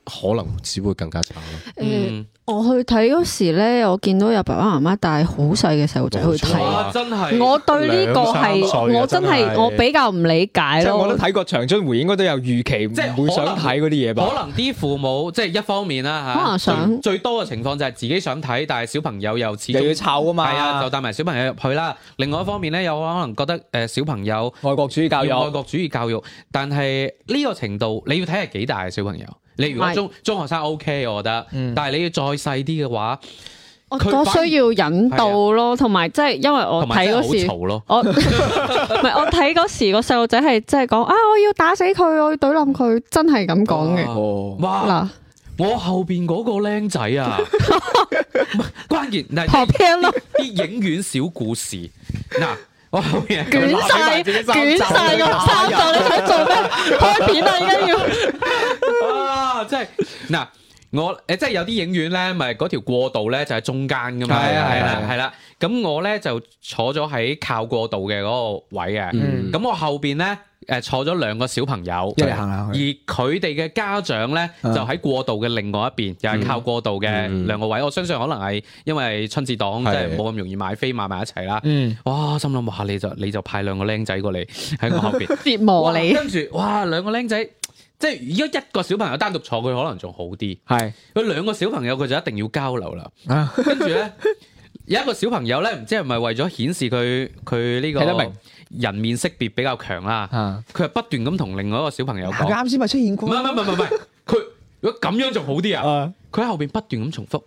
可能只會更加慘咯。誒，我去睇嗰時咧，我見到有爸爸媽媽帶好細嘅細路仔去睇，真係。我對呢個係我真係我比較唔理解咯。我覺得睇過長津湖應該都有預期，即係唔會想睇嗰啲嘢吧？可能啲父母即係一方面啦，可能想最多嘅情況就係自己想睇，但係小朋友又自己湊啊嘛，係啊，就帶埋小朋友入去啦。另外一方面咧，有可能覺得誒小朋友愛國主義教育，愛國主義教育，但係呢個程度你要睇係幾大嘅小朋友。你如果中中學生 OK，我覺得，但係你要再細啲嘅話，我覺、嗯、需要引導咯，同埋即係因為我睇嗰時好嘈咯我， 我唔係我睇嗰時個細路仔係即係講啊，我要打死佢，我要懟冧佢，真係咁講嘅。嗱哇，嘩我後邊嗰個僆仔啊， 關鍵嗱，你聽咯啲影院小故事嗱。Oh、yeah，捲晒光，捲晒個衫袖，人你想做咩？開片啊，而家要啊，即係嗱。我誒即係有啲影院咧，咪嗰條過道咧就喺、是、中間噶嘛。係啊係啊係啦。咁、啊啊嗯、我咧就坐咗喺靠過道嘅嗰個位嘅。咁、嗯、我後邊咧誒坐咗兩個小朋友一行、嗯、而佢哋嘅家長咧、嗯、就喺過道嘅另外一邊，又、就、係、是、靠過道嘅兩個位。我相信可能係因為春節檔即係冇咁容易買飛買埋一齊啦。嗯、哇！心諗哇，你就你就派兩個僆仔過嚟喺我後邊。折磨你。跟住哇，兩個僆仔。即係如果一個小朋友單獨坐佢可能仲好啲，係佢兩個小朋友佢就一定要交流啦。跟住咧有一個小朋友咧，唔知係咪為咗顯示佢佢呢個人面識別比較強啦，佢係 不斷咁同另外一個小朋友講。啱先咪出現過？唔係唔係唔係佢如果咁樣仲好啲啊！佢喺 後邊不斷咁重複，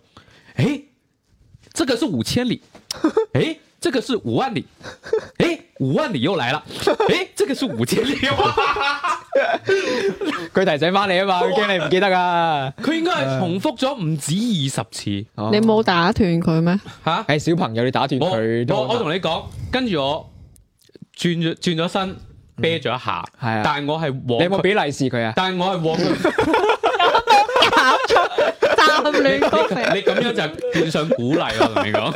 誒，即、這個是伍千里，誒，即、這個是伍萬里，誒。胡萬年又嚟啦！即這個是說胡哲年佢提醒翻你啊嘛，驚你唔記得 啊！佢應該係重複咗唔止二十次。你冇打斷佢咩？吓，係小朋友，你打斷佢。我我同你講，跟住、嗯、我轉咗轉咗身，啤咗一下，係啊、嗯。但係我係， 你有冇俾利是佢啊？但係我係。我搞錯，站你咁樣就變相鼓勵我同你講。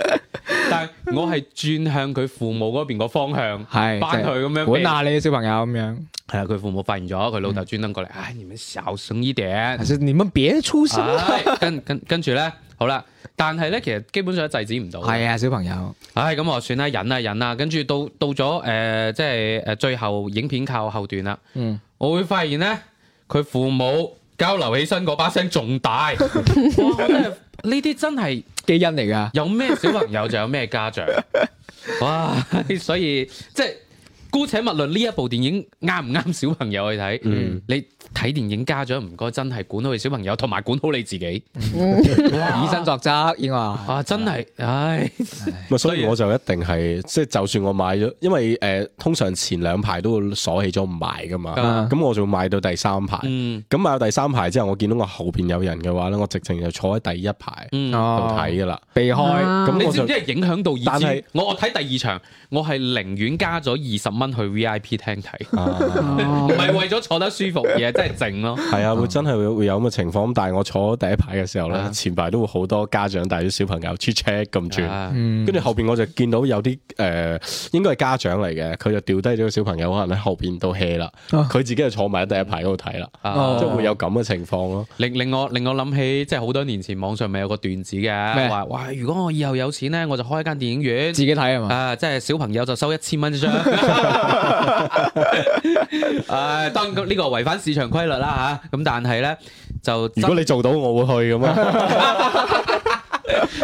但係我係轉向佢父母嗰邊個方向，係，翻去咁樣管下你小朋友咁樣。係啊，佢父母發現咗，佢老豆專登過嚟，唉、嗯哎，你們小聲一點，你們別出聲。跟跟跟住咧，好啦，但係咧，其實基本上制止唔到。係啊，小朋友，唉、哎，咁我算啦，忍啦，啊，忍啊。跟住到到咗誒，即係誒，就是，最後影片靠後段啦。嗯，我會發現咧，佢父母交流起身嗰把聲仲大。 呢啲真係基因嚟㗎， 有咩小朋友就有咩家長， 哇！所以即係。姑且勿論呢一部電影啱唔啱小朋友去睇，你睇電影家長唔該真係管好小朋友，同埋管好你自己，以身作則。依個啊真係，唉。所以我就一定係，即係就算我買咗，因為誒通常前兩排都會鎖起咗唔賣噶嘛，咁我就買到第三排。咁買到第三排之後，我見到我後邊有人嘅話咧，我直情就坐喺第一排度睇噶啦，避開。咁你知唔知係影響到意但我我睇第二場，我係寧願加咗二十。蚊去 V I P 廳睇，唔係為咗坐得舒服，而係真係靜咯。係啊，會真係會會有咁嘅情況。但係我坐第一排嘅時候咧，前排都會好多家長帶住小朋友出 check 咁轉，跟住、啊嗯、後邊我就見到有啲誒、呃，應該係家長嚟嘅，佢就掉低咗個小朋友，可能喺後邊到 hea 啦，佢、啊、自己就坐埋喺第一排嗰度睇啦，即係、啊嗯、會有咁嘅情況咯。令令、啊啊啊啊啊、我令我諗起，即係好多年前網上咪有個段子嘅，話哇如果我以後有錢咧，我就開一間電影院，自己睇啊嘛，即係、呃就是、小朋友就收一千蚊一張。誒， 當然呢個違反市場規律啦吓，咁但係呢，就如果你做到我會去咁樣，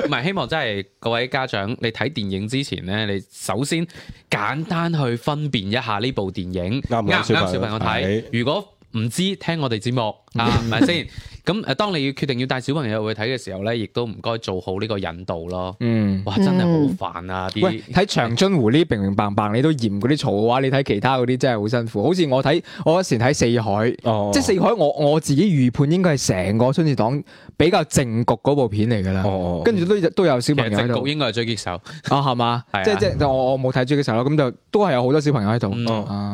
唔 係 希望真係各位家長，你睇電影之前呢，你首先簡單去分辨一下呢部電影啱唔啱小朋友睇，如果唔知聽我哋節目。啊，係先？咁誒，當你要決定要帶小朋友去睇嘅時候咧，亦都唔該做好呢個引導咯。嗯，哇，真係好煩啊！啲喂，睇長津湖呢，明明白白你都嫌嗰啲嘈嘅話，你睇其他嗰啲真係好辛苦。好似我睇，我嗰時睇四海，即係四海，我，我自己預判應該係成個春節檔比較正局嗰部片嚟噶啦。跟住都，都有小朋友。局應該係狙擊手啊？係嘛？係，即，即就我，我冇睇狙擊手咯。咁就都係有好多小朋友喺度。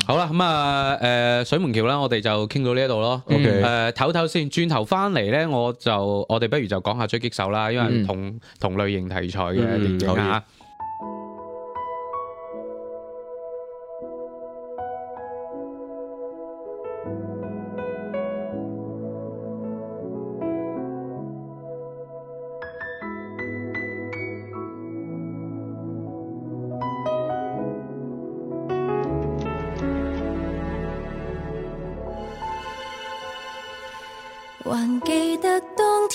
好啦，咁啊誒水門橋啦，我哋就傾到呢一度咯。O K 唞唞先，轉頭翻嚟咧，我就我哋不如就講下狙擊手啦，因為同、嗯、同類型題材嘅電影嚇。嗯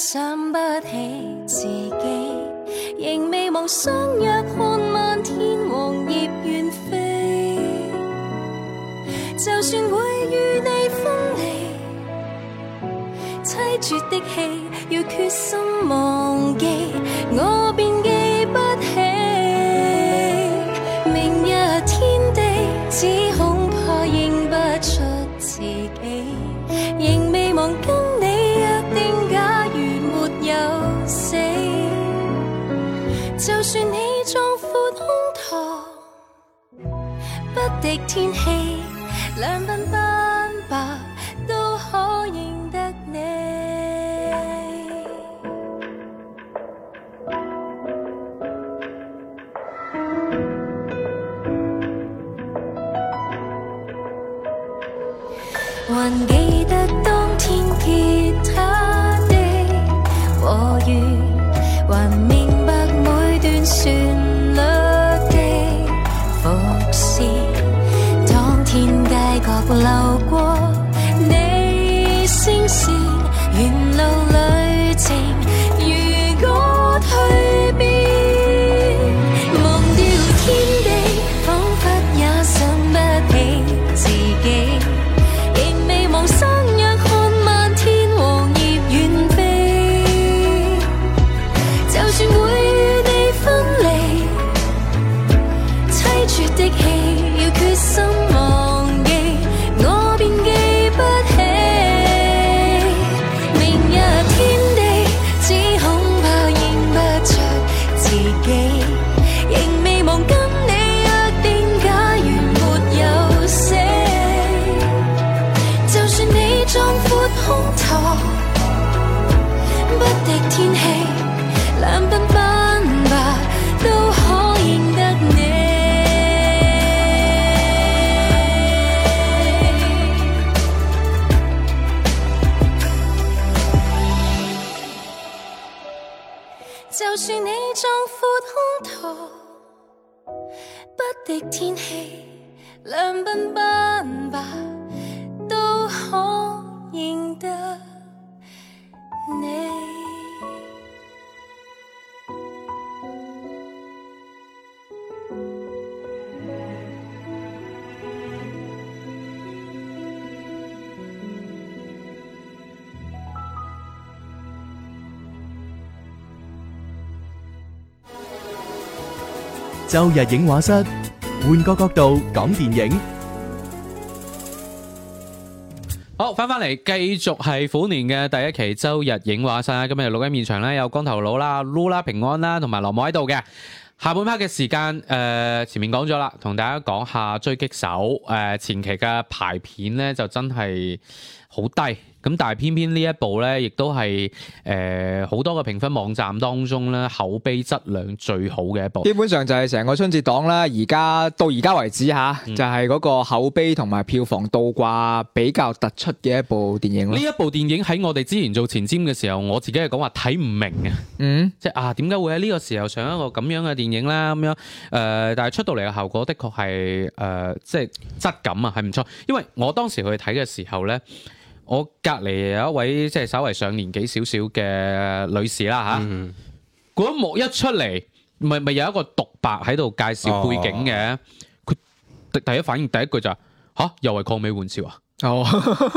想不起自己，仍未忘相約。看漫天黃葉遠飛， 就算會與你分離。淒絕的戲要決心忘記，我便記不起。明日天地，只可。的天氣，兩鬢白。流過你聲線，沿路旅程。周日映畫室，換個角度講電影。好，翻翻嚟，繼續係虎年嘅第一期周日映畫室啦。今日錄音現場咧，有光頭佬啦、Lula 平安啦，同埋羅某喺度嘅。下半 part 嘅時間，誒，前面講咗啦，同大家講下《狙擊手》誒前期嘅排片咧，就真係，好低咁，但係偏偏呢一部呢，亦都係誒，好多個評分網站當中呢，口碑質量最好嘅一部。基本上就係成個春節檔啦，而家到而家為止吓，嗯、就係嗰個口碑同埋票房倒掛比較突出嘅一部電影。呢一部電影喺我哋之前做前瞻嘅時候，我自己係講話睇唔明嘅，嗯，即係啊，點解會喺呢個時候上一個咁樣嘅電影呢？咁樣誒、呃，但係出到嚟嘅效果的確係誒，即係質感啊，係唔錯。因為我當時去睇嘅時候呢。我隔籬有一位即係稍微上年紀少少嘅女士啦吓，嗰一幕一出嚟，咪咪有一個獨白喺度介紹背景嘅，佢第一反應，第一句就係吓，又係抗美援朝啊！哦，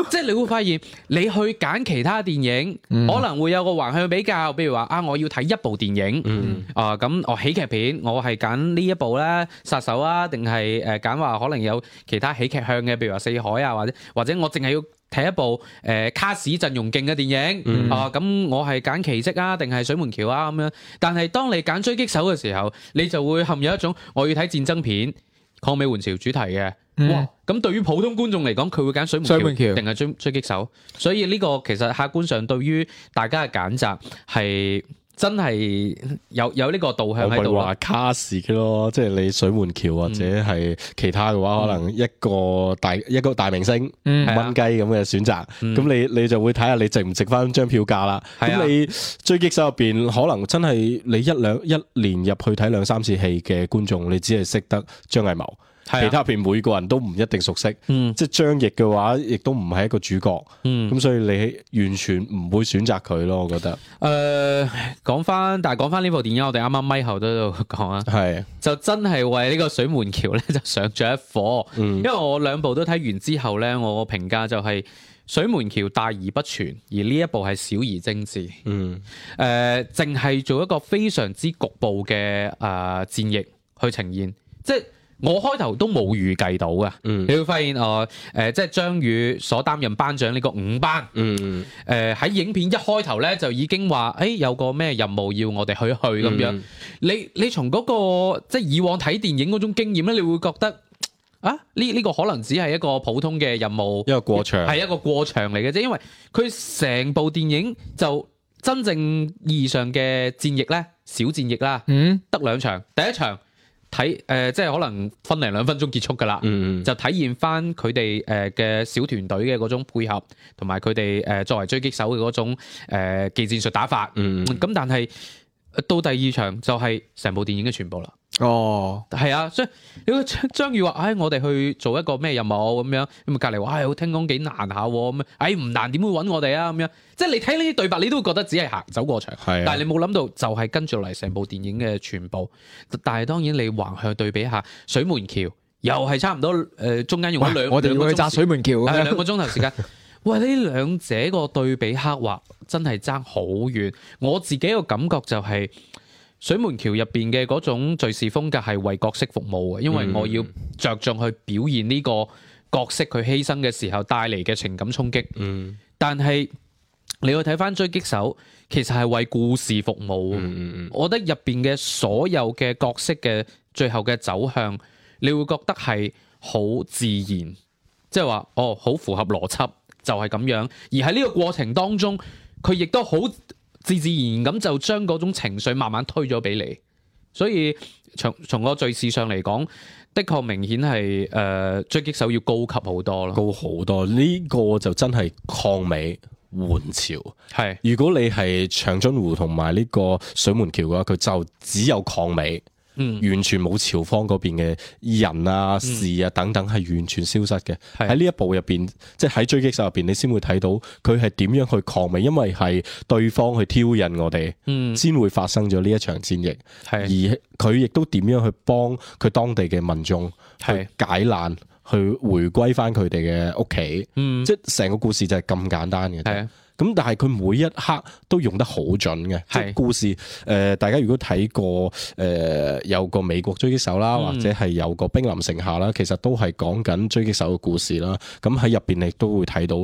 即係你會發現你去揀其他電影，可能會有個橫向比較，譬如話啊，我要睇一部電影，啊咁，我喜劇片，我係揀呢一部咧，殺手啊，定係誒揀話可能有其他喜劇向嘅，譬如話四海啊，或者或者我淨係要。睇一部誒卡士陣容勁嘅電影、嗯、啊，咁我係揀奇蹟啊，定係水門橋啊咁樣。但係當你揀狙擊手嘅時候，你就會陷入一種我要睇戰爭片、抗美援朝主題嘅。嗯、哇！咁對於普通觀眾嚟講，佢會揀水門橋定係狙狙擊手？所以呢個其實客觀上對於大家嘅揀擇係。真係有有呢個導向喺度話卡士嘅咯，即係你水門橋或者係其他嘅話，嗯、可能一個大一個大明星五、嗯、蚊雞咁嘅選擇，咁、嗯、你你就會睇下你值唔值返張票價啦。咁、嗯、你狙擊手入邊，嗯、可能真係你一兩一連入去睇兩三次戲嘅觀眾，你只係識得張藝謀。其他片每個人都唔一定熟悉，嗯、即係張譯嘅話，亦都唔係一個主角，咁、嗯、所以你完全唔會選擇佢咯。我覺得，誒講翻，但係講翻呢部電影，我哋啱啱咪後都有講啊，是就真係為呢個水門橋咧就上咗一課，嗯、因為我兩部都睇完之後咧，我個評價就係水門橋大而不全，而呢一部係小而精緻，誒、嗯，淨係、呃、做一個非常之局部嘅誒、呃、戰役去呈現，即係。我開頭都冇預計到嘅，你會、嗯、發現哦，誒、呃，即係章宇所擔任班長呢個五班，誒喺、嗯嗯呃、影片一開頭咧就已經話，誒、欸、有個咩任務要我哋去去咁樣、嗯。你你從嗰、那個即係以往睇電影嗰種經驗咧，你會覺得啊，呢呢、這個可能只係一個普通嘅任務，一個過場，係一個過場嚟嘅啫。因為佢成部電影就真正意義上嘅戰役咧，小戰役啦，得、嗯、兩場，第一場。睇誒、呃，即係可能分零兩分鐘結束㗎啦，嗯嗯就體現翻佢哋誒嘅小團隊嘅嗰種配合，同埋佢哋誒作為狙擊手嘅嗰種、呃、技戰術打法。咁、嗯嗯、但係到第二場就係成部電影嘅全部啦。哦，係啊，所以如果章宇話：，唉，我哋去做一個咩任務咁樣，咁啊隔籬話：，唉，聽講幾難下、啊，咁樣，唉，唔難，點會搵我哋啊？咁樣，即係你睇呢啲對白，你都會覺得只係行走過場，是啊、但係你冇諗到就係跟住嚟，成部電影嘅全部。但係當然你橫向對比下，水門橋又係差唔多，誒、呃、中間用咗兩個我哋去炸水門橋，兩是、啊、個鐘頭時間。 喂，呢兩者個對比刻畫真係爭好遠。我自己個感覺就係、是。水門橋入邊嘅嗰種敘事風格係為角色服務嘅，因為我要着重去表現呢個角色佢犧牲嘅時候帶嚟嘅情感衝擊。嗯、但係你去睇翻《狙擊手》，其實係為故事服務。嗯嗯嗯、我覺得入邊嘅所有嘅角色嘅最後嘅走向，你會覺得係好自然，即係話哦，好符合邏輯，就係、是、咁樣。而喺呢個過程當中，佢亦都好。自自然然咁就將嗰種情緒慢慢推咗俾你，所以從從個敘事上嚟講，的確明顯係誒、呃、狙擊手要高級好多咯，高好多。呢個就真係抗美援朝，係，是如果你係長津湖同埋呢個水門橋嘅話，佢就只有抗美。完全冇朝方嗰邊嘅人啊事啊等等係完全消失嘅。喺呢是的 一部入邊，即係喺狙擊手入邊，你先會睇到佢係點樣去抗美，因為係對方去挑釁我哋，先、嗯、會發生咗呢一場戰役。是的 而佢亦都點樣去幫佢當地嘅民眾去解難，是的 去回歸翻佢哋嘅屋企。嗯、即係成個故事就係咁簡單嘅。咁但係佢每一刻都用得好準嘅，是即係故事。誒、呃，大家如果睇過誒、呃，有個美國狙擊手啦，嗯、或者係有個兵臨城下啦，其實都係講緊狙擊手嘅故事啦。咁喺入邊亦都會睇到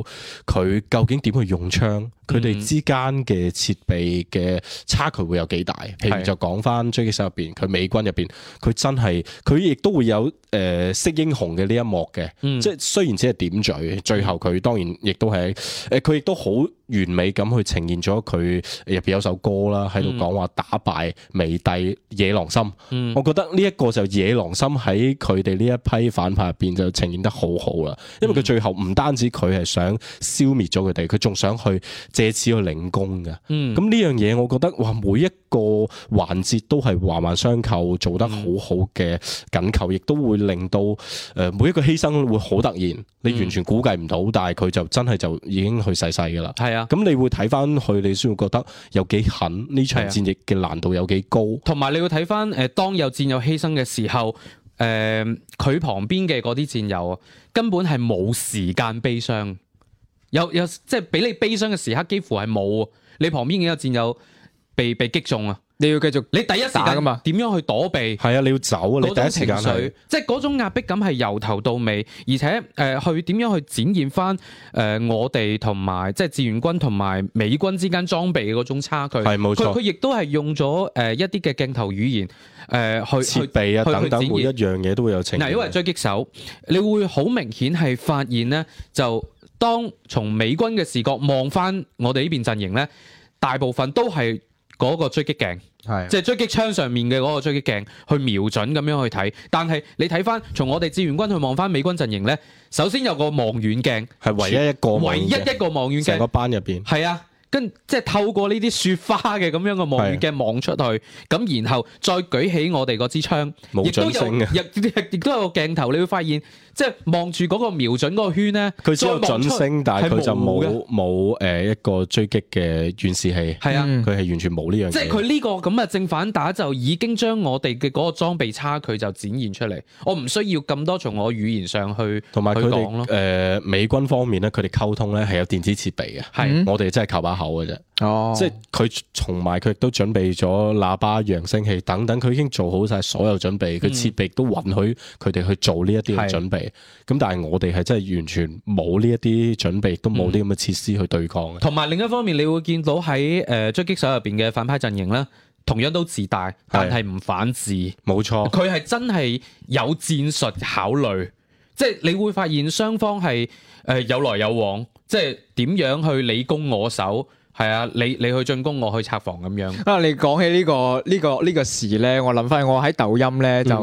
佢究竟點去用槍，佢哋、嗯、之間嘅設備嘅差距會有幾大。譬如就講翻狙擊手入邊，佢美軍入邊，佢真係佢亦都會有。誒，識、呃、英雄嘅呢一幕嘅，嗯、即係雖然只係點綴，最後佢當然亦都係，誒佢亦都好完美咁去呈現咗佢入邊有首歌啦，喺度講話打敗美帝野狼心。嗯、我覺得呢一個就野狼心喺佢哋呢一批反派入邊就呈現得好好啦，因為佢最後唔單止佢係想消滅咗佢哋，佢仲想去借此去領功㗎。咁呢、嗯、樣嘢，我覺得哇，每一個環節都係環環相扣，做得好好嘅緊扣，亦都會令到誒每一個犧牲會好突然，你完全估計唔到，但係佢就真係就已經去世世噶啦。係啊，咁你會睇翻佢，你先會覺得有幾狠，呢場戰役嘅難度有幾高，同埋、啊、你會睇翻誒當有戰友犧牲嘅時候，誒、呃、佢旁邊嘅嗰啲戰友啊，根本係冇時間悲傷，有有即係俾你悲傷嘅時刻幾乎係冇，你旁邊嘅戰友，被被擊中啊！你要繼續，你第一時間點樣去躲避？係啊，你要走啊！你第一時間去，即係嗰種壓迫感係由頭到尾，而且誒、呃，去點樣去展現翻誒、呃、我哋同埋即係志願軍同埋美軍之間裝備嗰種差距係冇錯。佢亦都係用咗誒一啲嘅鏡頭語言誒、呃、去設備啊去等等，等等每一樣嘢都會有情。嗱，因為狙擊手，你會好明顯係發現咧，就當從美軍嘅視角望翻我哋呢邊陣營咧，大部分都係。嗰個狙擊鏡，的即係狙擊槍上面嘅嗰個狙擊鏡去瞄準，咁樣去睇，但係你睇翻從我哋志願軍去望翻美軍陣營呢，首先有個望遠鏡，係唯一一個，唯一一個望遠鏡，成個班入邊，係啊，跟即係透過呢啲雪花嘅咁樣嘅望遠鏡望出去，咁的然後再舉起我哋嗰支槍，亦都有亦亦都有鏡頭，你會發現。即係望住嗰個瞄準嗰個圈咧，佢只有準星，但係佢就冇冇誒一個狙擊嘅遠視器。係啊，佢係完全冇呢樣嘢。即係佢呢個咁嘅正反打就已經將我哋嘅嗰個裝備差距就展現出嚟。我唔需要咁多從我語言上去同埋佢哋講咯誒，美軍方面咧，佢哋溝通咧係有電子設備嘅。係、啊、我哋真係靠把口嘅啫。哦，即係佢同埋佢亦都準備咗喇叭、揚聲器等等，佢已經做好晒所有準備。佢設備都允許佢哋去，去做呢一啲嘅準備。的咁但係我哋係真係完全冇呢一啲準備，都冇啲咁嘅設施去對抗。同埋、嗯、另一方面，你會見到喺誒狙擊手入邊嘅反派陣營呢，同樣都自大，但係唔反智。冇錯，佢係真係有戰術考慮，即係你會發現雙方係誒有來有往，即係點樣去你攻我守。係啊，你你去進攻，我去拆房咁樣。啊，你講起呢、這個呢、這個呢、這個事咧，我諗翻，我喺抖音咧就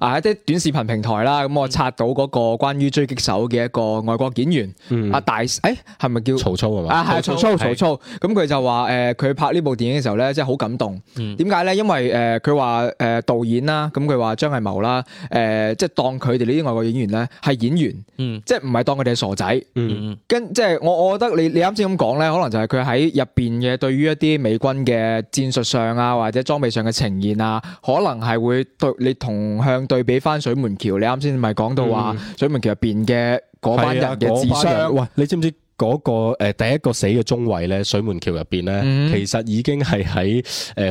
啊一啲短視頻平台啦，咁、嗯、我刷到嗰個關於狙擊手嘅一個外國演員，阿、嗯、大，誒係咪叫曹操啊？啊，係曹操，曹操咁佢是就話誒，佢、呃、拍呢部電影嘅時候咧，即係好感動。點解咧？因為誒，佢話誒導演啦，咁佢話張藝謀啦，誒即係當佢哋呢啲外國演員咧係演員，即係唔係當佢哋係傻仔。嗯嗯、跟即係我，就是、我覺得你你啱先咁講咧，可能就係佢喺入邊嘅，對於一啲美軍嘅戰術上啊，或者裝備上嘅呈現啊，可能係會對你同向對比翻水門橋。你啱先咪講到話水門橋入邊嘅嗰班人嘅智商，喂，你知唔知？嗰個第一個死嘅中尉咧，水門橋入邊咧，其實已經係喺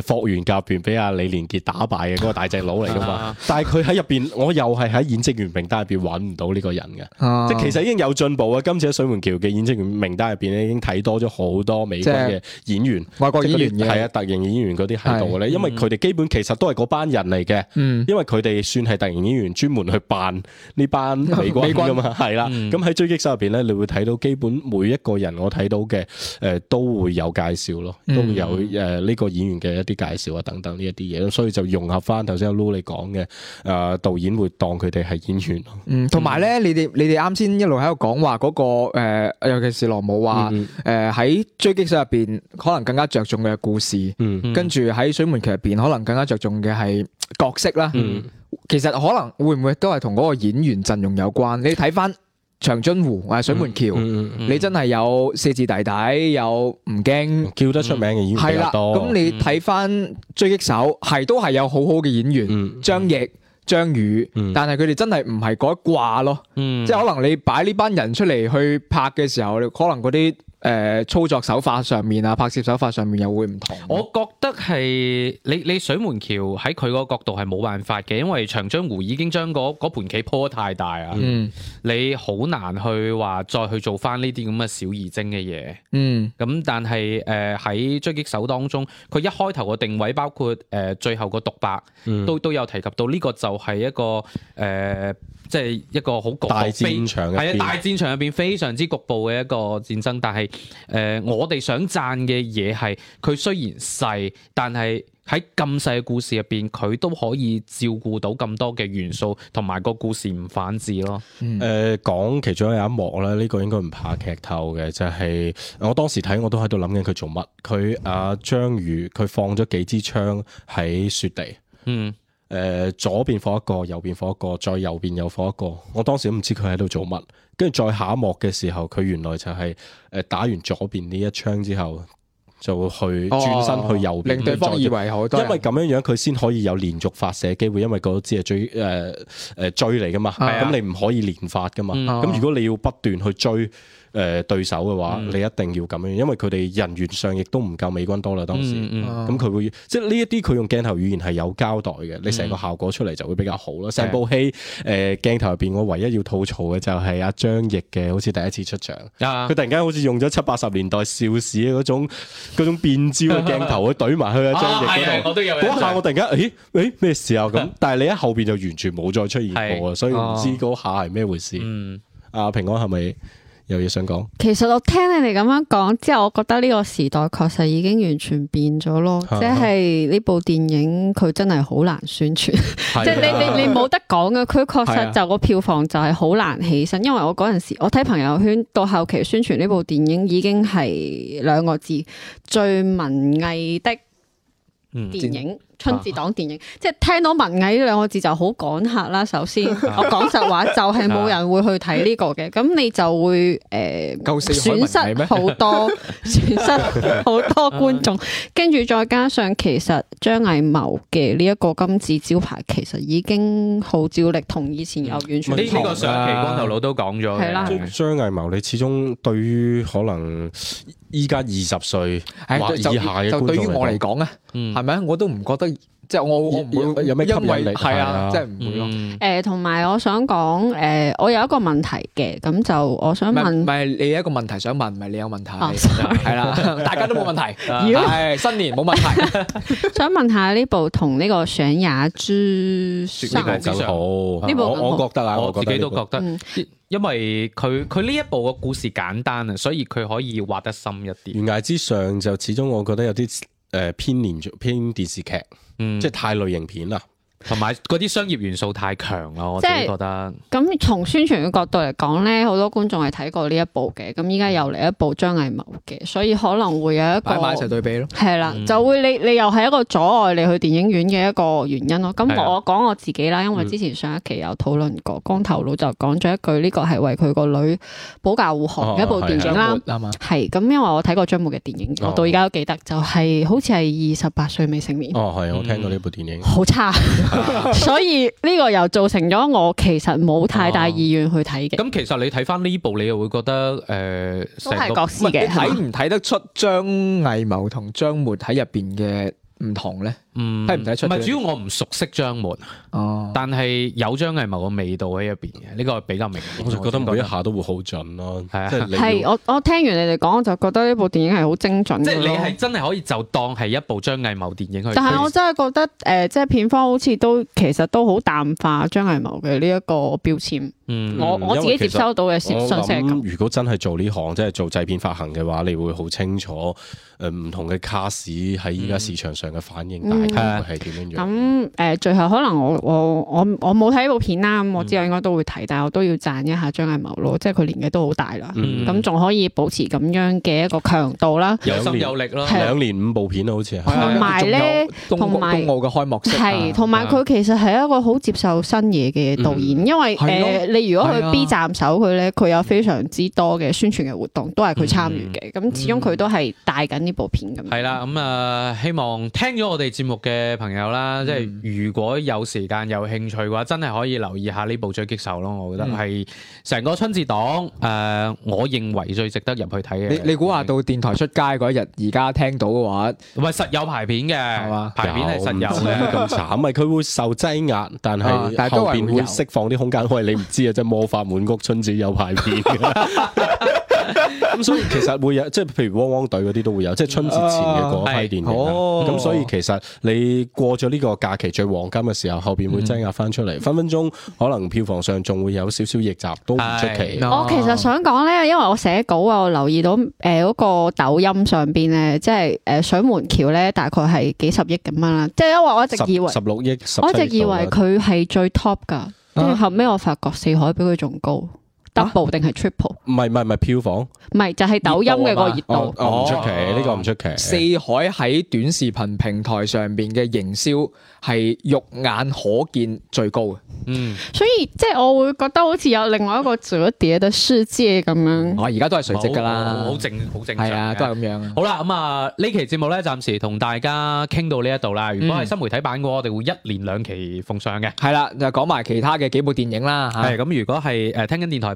誒霍元甲入邊俾阿李連杰打敗嘅嗰個大隻佬嚟噶嘛。但係佢喺入邊，我又係喺演職員名單入邊揾唔到呢個人嘅，即其實已經有進步啊。今次喺水門橋嘅演職員名單入邊咧，已經睇多咗好多美國嘅演員，外國演員係啊，特型演員嗰啲喺度嘅咧，因為佢哋基本其實都係嗰班人嚟嘅，因為佢哋算係特型演員，專門去扮呢班美國噶嘛，係啦。咁喺狙擊手入邊咧，你會睇到基本每一個人我睇到嘅，誒都會有介紹咯，都會有誒呢個演員嘅一啲介紹啊等等呢一啲嘢咯，所以就融合翻頭先阿 Lu 你講嘅誒導演會當佢哋係演員咯。嗯，同埋咧，你哋你哋啱先一路喺度講話嗰個誒，尤其是羅姆話誒喺《狙擊手》入邊可能更加着重嘅故事，嗯，跟住喺《水門橋》入邊可能更加着重嘅係角色啦。嗯，其實可能會唔會都係同嗰個演員陣容有關？你睇翻。長津湖，或者水門橋，嗯嗯嗯、你真係有四字弟弟，有唔驚叫得出名嘅演員多。咁的、嗯、你睇翻《狙擊手》嗯，係都係有好好嘅演員，張譯、嗯、張、嗯、宇，張張嗯、但係佢哋真係唔係嗰一掛咯。嗯、即係可能你擺呢班人出嚟去拍嘅時候，嗯嗯、可能嗰啲。誒、呃、操作手法上面啊，拍攝手法上面又會唔同。我覺得係你你水門橋喺佢個角度係冇辦法嘅，因為長津湖已經將嗰嗰盤棋鋪得太大啊。嗯，你好難去話再去做翻呢啲咁嘅小而精嘅嘢。嗯，咁但係誒喺狙擊手當中，佢一開頭個定位，包括誒、呃、最後個獨白，都、嗯、都有提及到呢個就係一個誒、呃、即係一個好局部大。大戰場係啊，大戰場入邊非常之局部嘅一個戰爭，但係。誒、呃，我哋想讚嘅嘢係，佢雖然細，但係喺咁細嘅故事入邊，佢都可以照顧到咁多嘅元素，同埋個故事唔反智咯。誒、嗯，講、呃、其中有一幕咧，呢、這個應該唔怕劇透嘅，就係、是、我當時睇，我都喺度諗緊佢做乜。佢阿、啊、章宇，佢放咗幾支槍喺雪地。嗯誒、呃、左邊放一個，右邊放一個，再右邊又放一個。我當時都唔知佢喺度做乜，跟住再下一幕嘅時候，佢原來就係、是、誒、呃、打完左邊呢一槍之後。就會去轉身去右邊，哦。令對方以為好多。因為咁樣樣佢先可以有連續發射機會，因為嗰支係追誒、呃、追嚟噶嘛。咁的你唔可以連發噶嘛。咁、嗯嗯、如果你要不斷去追誒、呃、對手嘅話，嗯、你一定要咁樣，因為佢哋人員上亦都唔夠美軍多啦當時。咁佢、嗯嗯、會即係呢一啲佢用鏡頭語言係有交代嘅，嗯、你成個效果出嚟就會比較好啦。成、嗯、部戲誒、呃、鏡頭入邊我唯一要吐槽嘅就係阿張譯嘅，好似第一次出場，佢、嗯、突然間好似用咗七八十年代邵氏嗰種。嗰種變焦嘅鏡頭，佢對埋去一張啊張翼嗰下，我，我突然間，咦？誒咩時候咁？但係你喺後邊就完全冇再出現過啊， 的所以唔知嗰下係咩回事。嗯，阿、啊、平安係咪？有嘢想講，其實我聽你哋咁樣講之後，就是，我覺得呢個時代確實已經完全變咗咯，即係呢部電影佢真係好難宣傳，即係你你你冇得講嘅，佢確實就個票房就係好難起身，因為我嗰陣時我睇朋友圈到後期宣傳呢部電影已經係兩個字，最文藝的電影。 春節檔電影，即係聽到文藝呢兩個字就好趕客啦。首先，我講實話，就係冇人會去睇呢個嘅，咁你就會誒損失好多，損失好多觀眾。跟住再加上，其實張藝謀嘅呢一個金字招牌，其實已經號召力同以前有完全呢個上期光頭佬都講咗。係啦，張藝謀你始終對於可能依家二十歲或以下對於我嚟講啊，係咪啊？我都唔覺得。即係我我唔會有咩吸引你，係啊，即係唔會咯。誒，同埋我想講，誒，我有一個問題嘅，咁就我想問，唔係你有一個問題想問，唔係你有問題係啦，大家都冇問題，係新年冇問題。想問下呢部同呢個懸崖之懸崖之上，呢部我覺得啊，我自己都覺得，因為佢佢呢一部嘅故事簡單啊，所以佢可以畫得深一啲。懸崖之上就始終我覺得有啲。誒、呃、偏連續，偏電視劇，嗯、即係太類型片啦。同埋嗰啲商業元素太強咯，是我自己覺得。咁從宣傳嘅角度嚟講咧，好多觀眾係睇過呢一部嘅，咁依家又嚟一部張藝謀嘅，所以可能會有一個一齊對比咯。係啦了，嗯、就會你你又係一個阻礙你去電影院嘅一個原因咯。咁我講我自己啦，因為之前上一期有討論過，光頭佬就講咗一句呢、這個係為佢個女保駕護航嘅一部電影啦。係咁，因為我睇過張末嘅電影，我到而家都記得，就係、是、好似係二十八歲未成年。哦，係、哦、我聽到呢部電影好、嗯、差。 所以呢個又造成咗我其實冇太大意願去睇嘅。咁、啊、其實你睇翻呢部，你又會覺得誒，呃、都係國師嘅。睇唔睇得出張藝謀同張末喺入邊嘅唔同咧？唔睇唔使出。唔係、嗯、主要我唔熟悉張幕，哦，但係有張藝謀嘅味道喺入邊嘅，呢、這個比較明。我就覺得唔一下都會好準咯。係啊，係我我聽完你哋講，我就覺得呢部電影係好精準。即係你係真係可以就當係一部張藝謀電影去。但係我真係覺得誒、呃，即係片方好似都其實都好淡化張藝謀嘅呢一個標籤。嗯、我我自己接收到嘅消息，如果真係做呢行，即係做製片發行嘅話，你會好清楚誒唔、呃、同嘅卡 a 喺依家市場上嘅反應、嗯。嗯。係啊，咁誒，最後可能我我我我冇睇呢部片啦，咁我之後應該都會睇，但係我都要讚一下張藝謀咯，即係佢年紀都好大啦，咁仲可以保持咁樣嘅一個強度啦，有心有力啦，兩年五部片啦，好似係，同埋咧，同埋冬奧嘅開幕式係，同埋佢其實係一個好接受新嘢嘅導演，因為誒，你如果去 B 站搜佢咧，佢有非常之多嘅宣傳嘅活動，都係佢參與嘅，咁始終佢都係帶緊呢部片咁樣。係啦，咁啊，希望聽咗我哋節目目嘅朋友啦，即係如果有時間有興趣嘅話，真係可以留意下呢部《狙擊手》咯。我覺得係成個春節檔，誒，我認為最值得入去睇嘅。你你估下到電台出街嗰一日，而家聽到嘅話，唔係實有排片嘅，係嘛？排片係實有嘅。咁慘咪佢會受擠壓，但係後邊會釋放啲空間開。你唔知啊，即係魔法滿屋春節有排片。咁 所以其實會有，即係譬如汪汪隊嗰啲都會有，即係春節前嘅嗰批電影。咁、啊哦、所以其實你過咗呢個假期、嗯、最黃金嘅時候，後邊會增壓翻出嚟，分分鐘可能票房上仲會有少少逆襲都唔出奇。是我其實想講咧，因為我寫稿啊，我留意到誒嗰個抖音上邊咧，即係誒水門橋咧，大概係幾十億咁樣啦。即係因為我一直以為十六億，10, 十七億我一直以為佢係最 top 噶，跟住、啊、後尾我發覺四海比佢仲高。double 定係 triple？唔係唔係唔係票房？唔係就係、是、抖音嘅嗰個熱度。唔出、哦哦、奇，呢、啊、個唔出奇。四海喺短視頻平台上邊嘅營銷係肉眼可見最高嘅。嗯，所以即係、就是、我會覺得好似有另外一個折疊嘅世界咁樣。我而家都係垂直㗎啦好，好正好正。係啊，都係咁樣。好啦，咁啊呢期節目咧暫時同大家傾到呢一度啦。如果係新媒體版嘅話，我哋會一連兩期奉上嘅。係啦、嗯，就講埋其他嘅幾部電影啦。係咁，如果係誒聽緊電台。